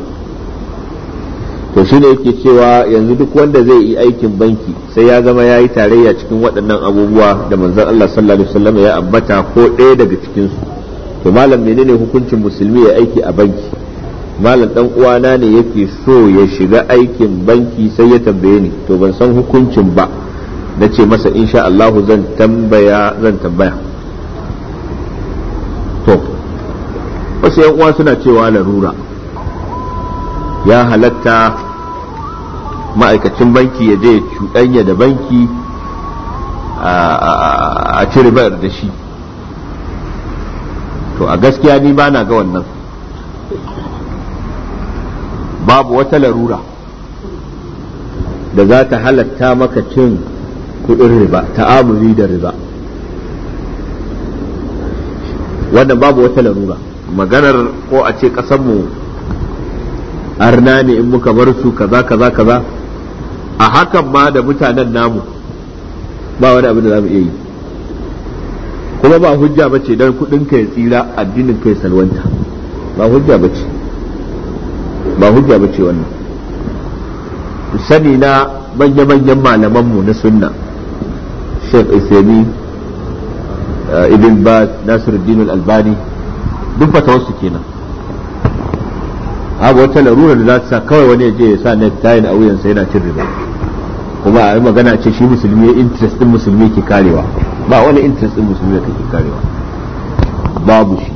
to shi ne yake cewa yanzu duk wanda zai yi aikin banki sai ya zama ya yi tarayya cikin waɗannan abubuwa da manzon Allah sallallahu alaihi wasallam ya ambata ko ɗaya daga cikin su to malam menene hukuncin musulmi ya aiki a banki malam dan uwana ne yake so ya shiga aikin banki sai ya tambaye ni to ban san hukuncin ba na ce masa insha Allah zan tambaya zan tambaya to wasu yan uwa suna cewa larura ya halatta ma'aikacin banki ya je cuɗanya da banki a cire bayar da shi to a gaskiya ni ba na ga wannan babu wata larura da za ta halatta maka cin kudin riba ta'amuli da riba wannan babu wata larura maganar ko a ce kasanmu arna ne in muka bar su kaza kaza kaza a hakan ma da mutanen namu ba wani abin da za mu iya yi kuma ba hujja ba ce don kudin ka ya tsira addinin ka ya salwanta ba hujja ba ce ba hujja ba ce wannan sani na manya-manyan malamanmu na sunna sheikh isami uh, ibn baz nasiruddin albani duk fatawarsu kenan babu wata larura da za ta sa kawai wani ya je ya sa net tayin a wuyansa yana cin riba kuma a magana ce shi musulmi interest din musulmi ke karewa ba wani interest din musulmi da ke karewa babu shi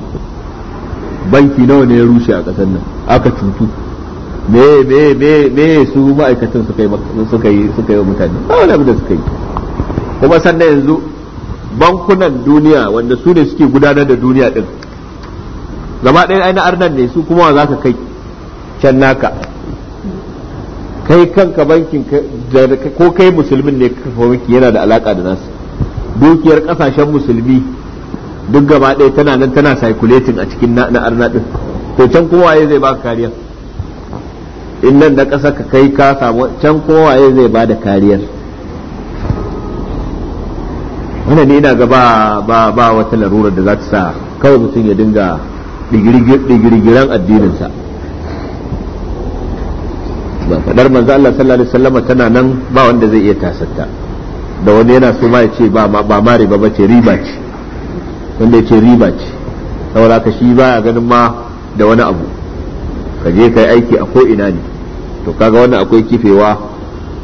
banki nawa ne ya rushe a ƙasar nan aka cutu me me me me su ma'aikatan suka yi suka yi suka yi mutane ba wani abu da suka yi kuma sannan yanzu bankunan duniya wanda su ne suke gudanar da duniya din gaba ɗaya ainihin arnan ne su kuma za ka kai can naka kai kanka bankin ko kai musulmin ne ka kafa banki yana da alaka da nasu dukiyar kasashen musulmi duk gaba ɗaya tana nan tana saikuletin a cikin na to can kowa ya zai ka kariyar in nan da ƙasa ka kai ka samu can kowa ya zai da kariyar wanda ne ina ga ba wata larurar da za ta sa kawai mutum ya dinga digirgiran addininsa ba fadar manzo Allah sallallahu alaihi wasallam tana nan ba wanda zai iya tasatta da wani yana so ma ya ce ba ba ma riba ce riba ce wanda yake riba ce saboda ka shi baya ganin ma da wani abu ka je kai aiki a ko ina ne to kaga wannan akwai kifewa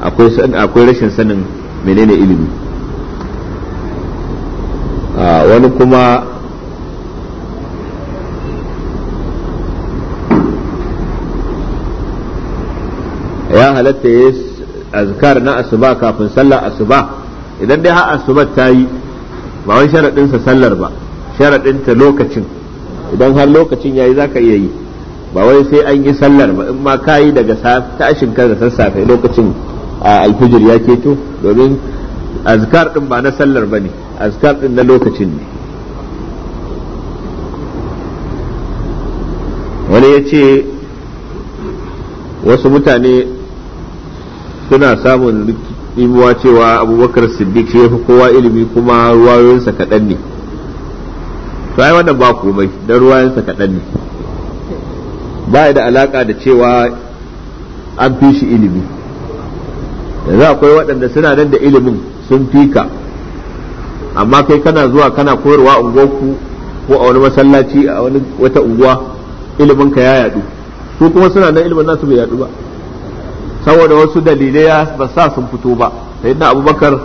akwai akwai rashin sanin menene ilimi ah, wani kuma ya halatta ya azkar na asuba kafin sallar asuba idan dai har asubar ta yi ba wai sharaɗin sa sallar ba sharaɗin ta lokacin idan har lokacin yayi zaka iya yi ba wai sai an yi sallar ba in ma ka daga tashin ka da sassafe lokacin alfijir ya keto domin azkar din ba na sallar ba ne azkar din na lokacin ne wani ya ce wasu mutane suna samun ribuwa cewa abubakar siddiq shi yafi kowa ilimi kuma ruwayoyinsa kaɗan ne to ai wannan ba komai dan ruwayoyinsa kaɗan ne ba da alaka da cewa an fi shi ilimi yanzu akwai waɗanda suna nan da ilimin sun fi ka amma kai kana zuwa kana koyarwa unguwarku ko a wani masallaci a wani wata unguwa ilimin ka ya yadu su kuma suna nan ilimin nasu bai yadu ba saboda wasu dalilai ya ba sa sun fito ba sai na abubakar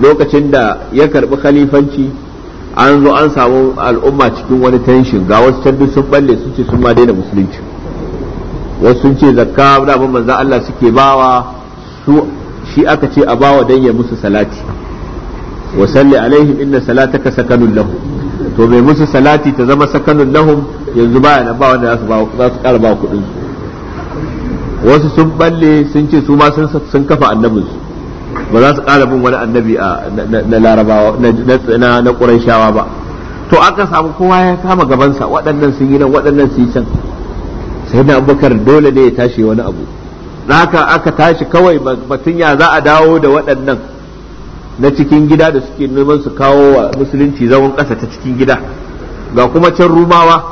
lokacin da ya karbi khalifanci an zo an samu al'umma cikin wani tension ga wasu can sun balle sun ce sun ma daina musulunci wasu sun ce zakka da ban manzo Allah suke bawa su shi aka ce a bawa dan ya musu salati wa salli alaihim inna salataka sakanun lahum to mai musu salati ta zama sakanun lahum yanzu baya na ba wanda za su kara ba kudin su wasu sun balle sun ce su ma sun kafa annabinsu ba za su ƙara bin wani annabi na larabawa na shawa ba to aka samu kowa ya kama gabansa waɗannan sun yi nan waɗannan sun yi can sai na abubakar dole ne ya tashi wani abu haka aka tashi kawai batun ya za a dawo da waɗannan na cikin gida da suke neman su kawo wa musulunci zaman ƙasa ta cikin gida ga kuma can rumawa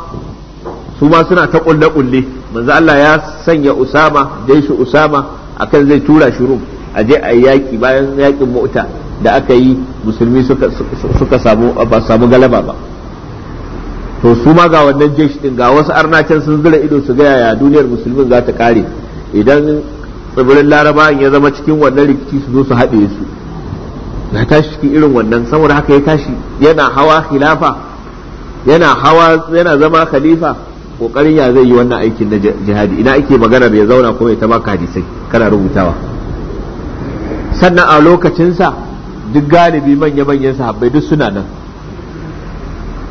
su ma suna ta ƙulle-ƙulle manzo Allah ya sanya Usama jaishi Usama akan zai tura shi Rum a je a yaki bayan yakin Mu'ta da aka yi musulmi suka suka samu ba samu galaba ba to su ma ga wannan jeshi din ga wasu arnacin sun zura ido su ga yaya duniyar musulmin za ta kare idan tsibirin laraba ya zama cikin wannan rikici su zo su haɗe su na tashi cikin irin wannan saboda haka ya tashi yana hawa khilafa yana hawa yana zama khalifa kokarin ya zai yi wannan aikin na jihadi ina ake maganar ya zauna kuma ya ta baka hadisai kana rubutawa sannan a lokacinsa duk galibi manya-manyan sahabbai duk suna nan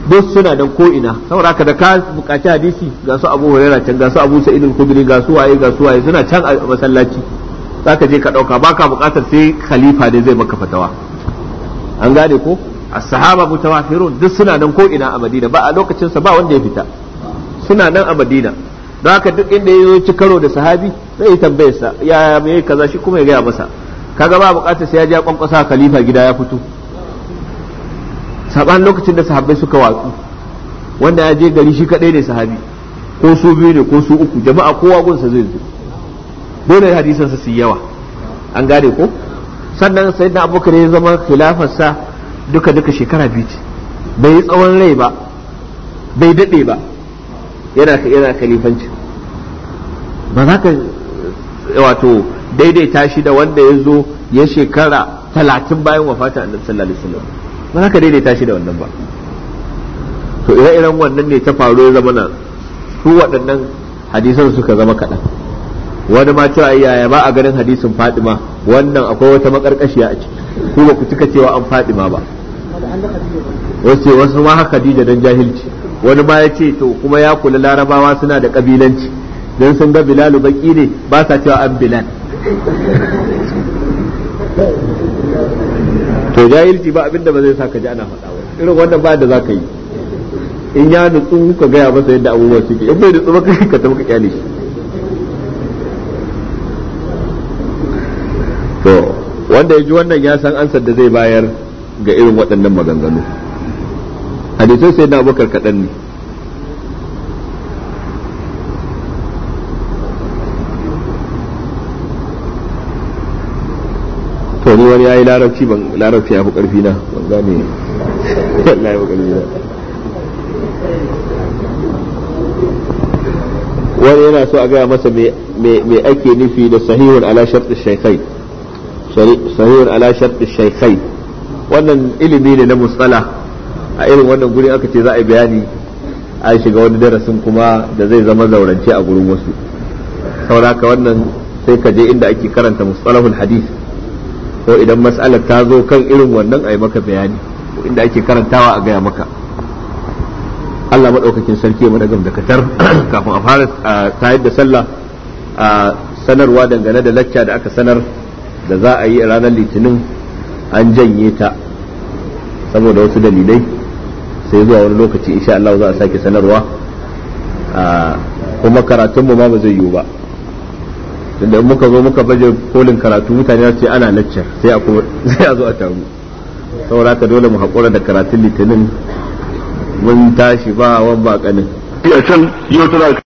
duk suna nan ko ina saboda ka da ka bukaci hadisi ga su Abu Hurairah can ga su Abu Sa'id al ga su waye ga su waye suna can a masallaci zaka je ka dauka baka bukatar sai khalifa ne zai maka fatawa an gane ko as-sahaba mutawafirun duk suna nan ko ina a Madina ba a lokacin ba wanda ya fita suna nan a madina don haka duk inda ya ci karo da sahabi zai tambayar sa ya me kaza shi kuma ya gaya masa kaga ba bukatar sai ya ja kwankwasa khalifa gida ya fito saban lokacin da sahabbai suka watsu wanda ya je gari shi kadai ne sahabi ko su biyu ne ko su uku jama'a kowa gunsa zai zo dole sa su yawa an gane ko sannan sai da abokan ya zama sa duka duka shekara biyu bai yi tsawon rai ba bai daɗe ba yana yana kalifanci ba za ka wato daidaita shi da wanda ya zo ya shekara talatin bayan wafata annabi sallallahu alaihi wasallam ba za ka daidaita shi da wannan ba to ire-iren wannan ne ta faru ya zama nan su waɗannan hadisan suka zama kaɗan wani ma cewa yaya ba a ganin hadisin fadima wannan akwai wata makarkashiya a ciki ku ba ku cika cewa an fadima ba wasu ma haka dija dan jahilci wani ma ya ce to kuma ya kula larabawa suna da kabilanci don sun ga bilalu baki ne ba sa cewa an bilal to jahilci ba abinda ba zai sa ka ji ana faɗa ba irin wannan ba da za ka yi in ya nutsu ka gaya masa yadda abubuwa suke in bai nutsu ba ka ka tafi ka kyale shi to wanda ya ji wannan ya san ansar da zai bayar ga irin waɗannan maganganu sai na abubakar kaɗan ne to ni wani yayi larabci ban larabci ya fi fina na ban gane wallahi ba karfi na wani yana so a gaya masa me ake nufi da sahihun ala shartu shaikai sahihun ala shartu shaikai wannan ilimi ne na musala a irin wannan gurin aka ce za a yi bayani a shiga wani darasin kuma da zai zama zaurance a gurin wasu sauraka wannan sai ka je inda ake karanta mustalahul hadis ko idan mas'alar ta zo kan irin wannan a yi maka bayani ko inda ake karantawa a gaya maka Allah maɗaukakin sarki ya madagam da katar <clears throat> kafin a fara ta da sallah a sanarwa dangane da lacca da aka sanar da za a yi ranar litinin an janye ta saboda wasu dalilai sai zuwa wani lokaci insha Allah za a sake sanarwa kuma karatun mu ma ba zai yiwu ba tunda muka zo muka baje kolin karatu mutane su ce ana lecture sai a kuma <laughs> sai a zo a taru saboda haka dole mu haƙura da karatun litinin mun tashi ba wan ba kanin. can yau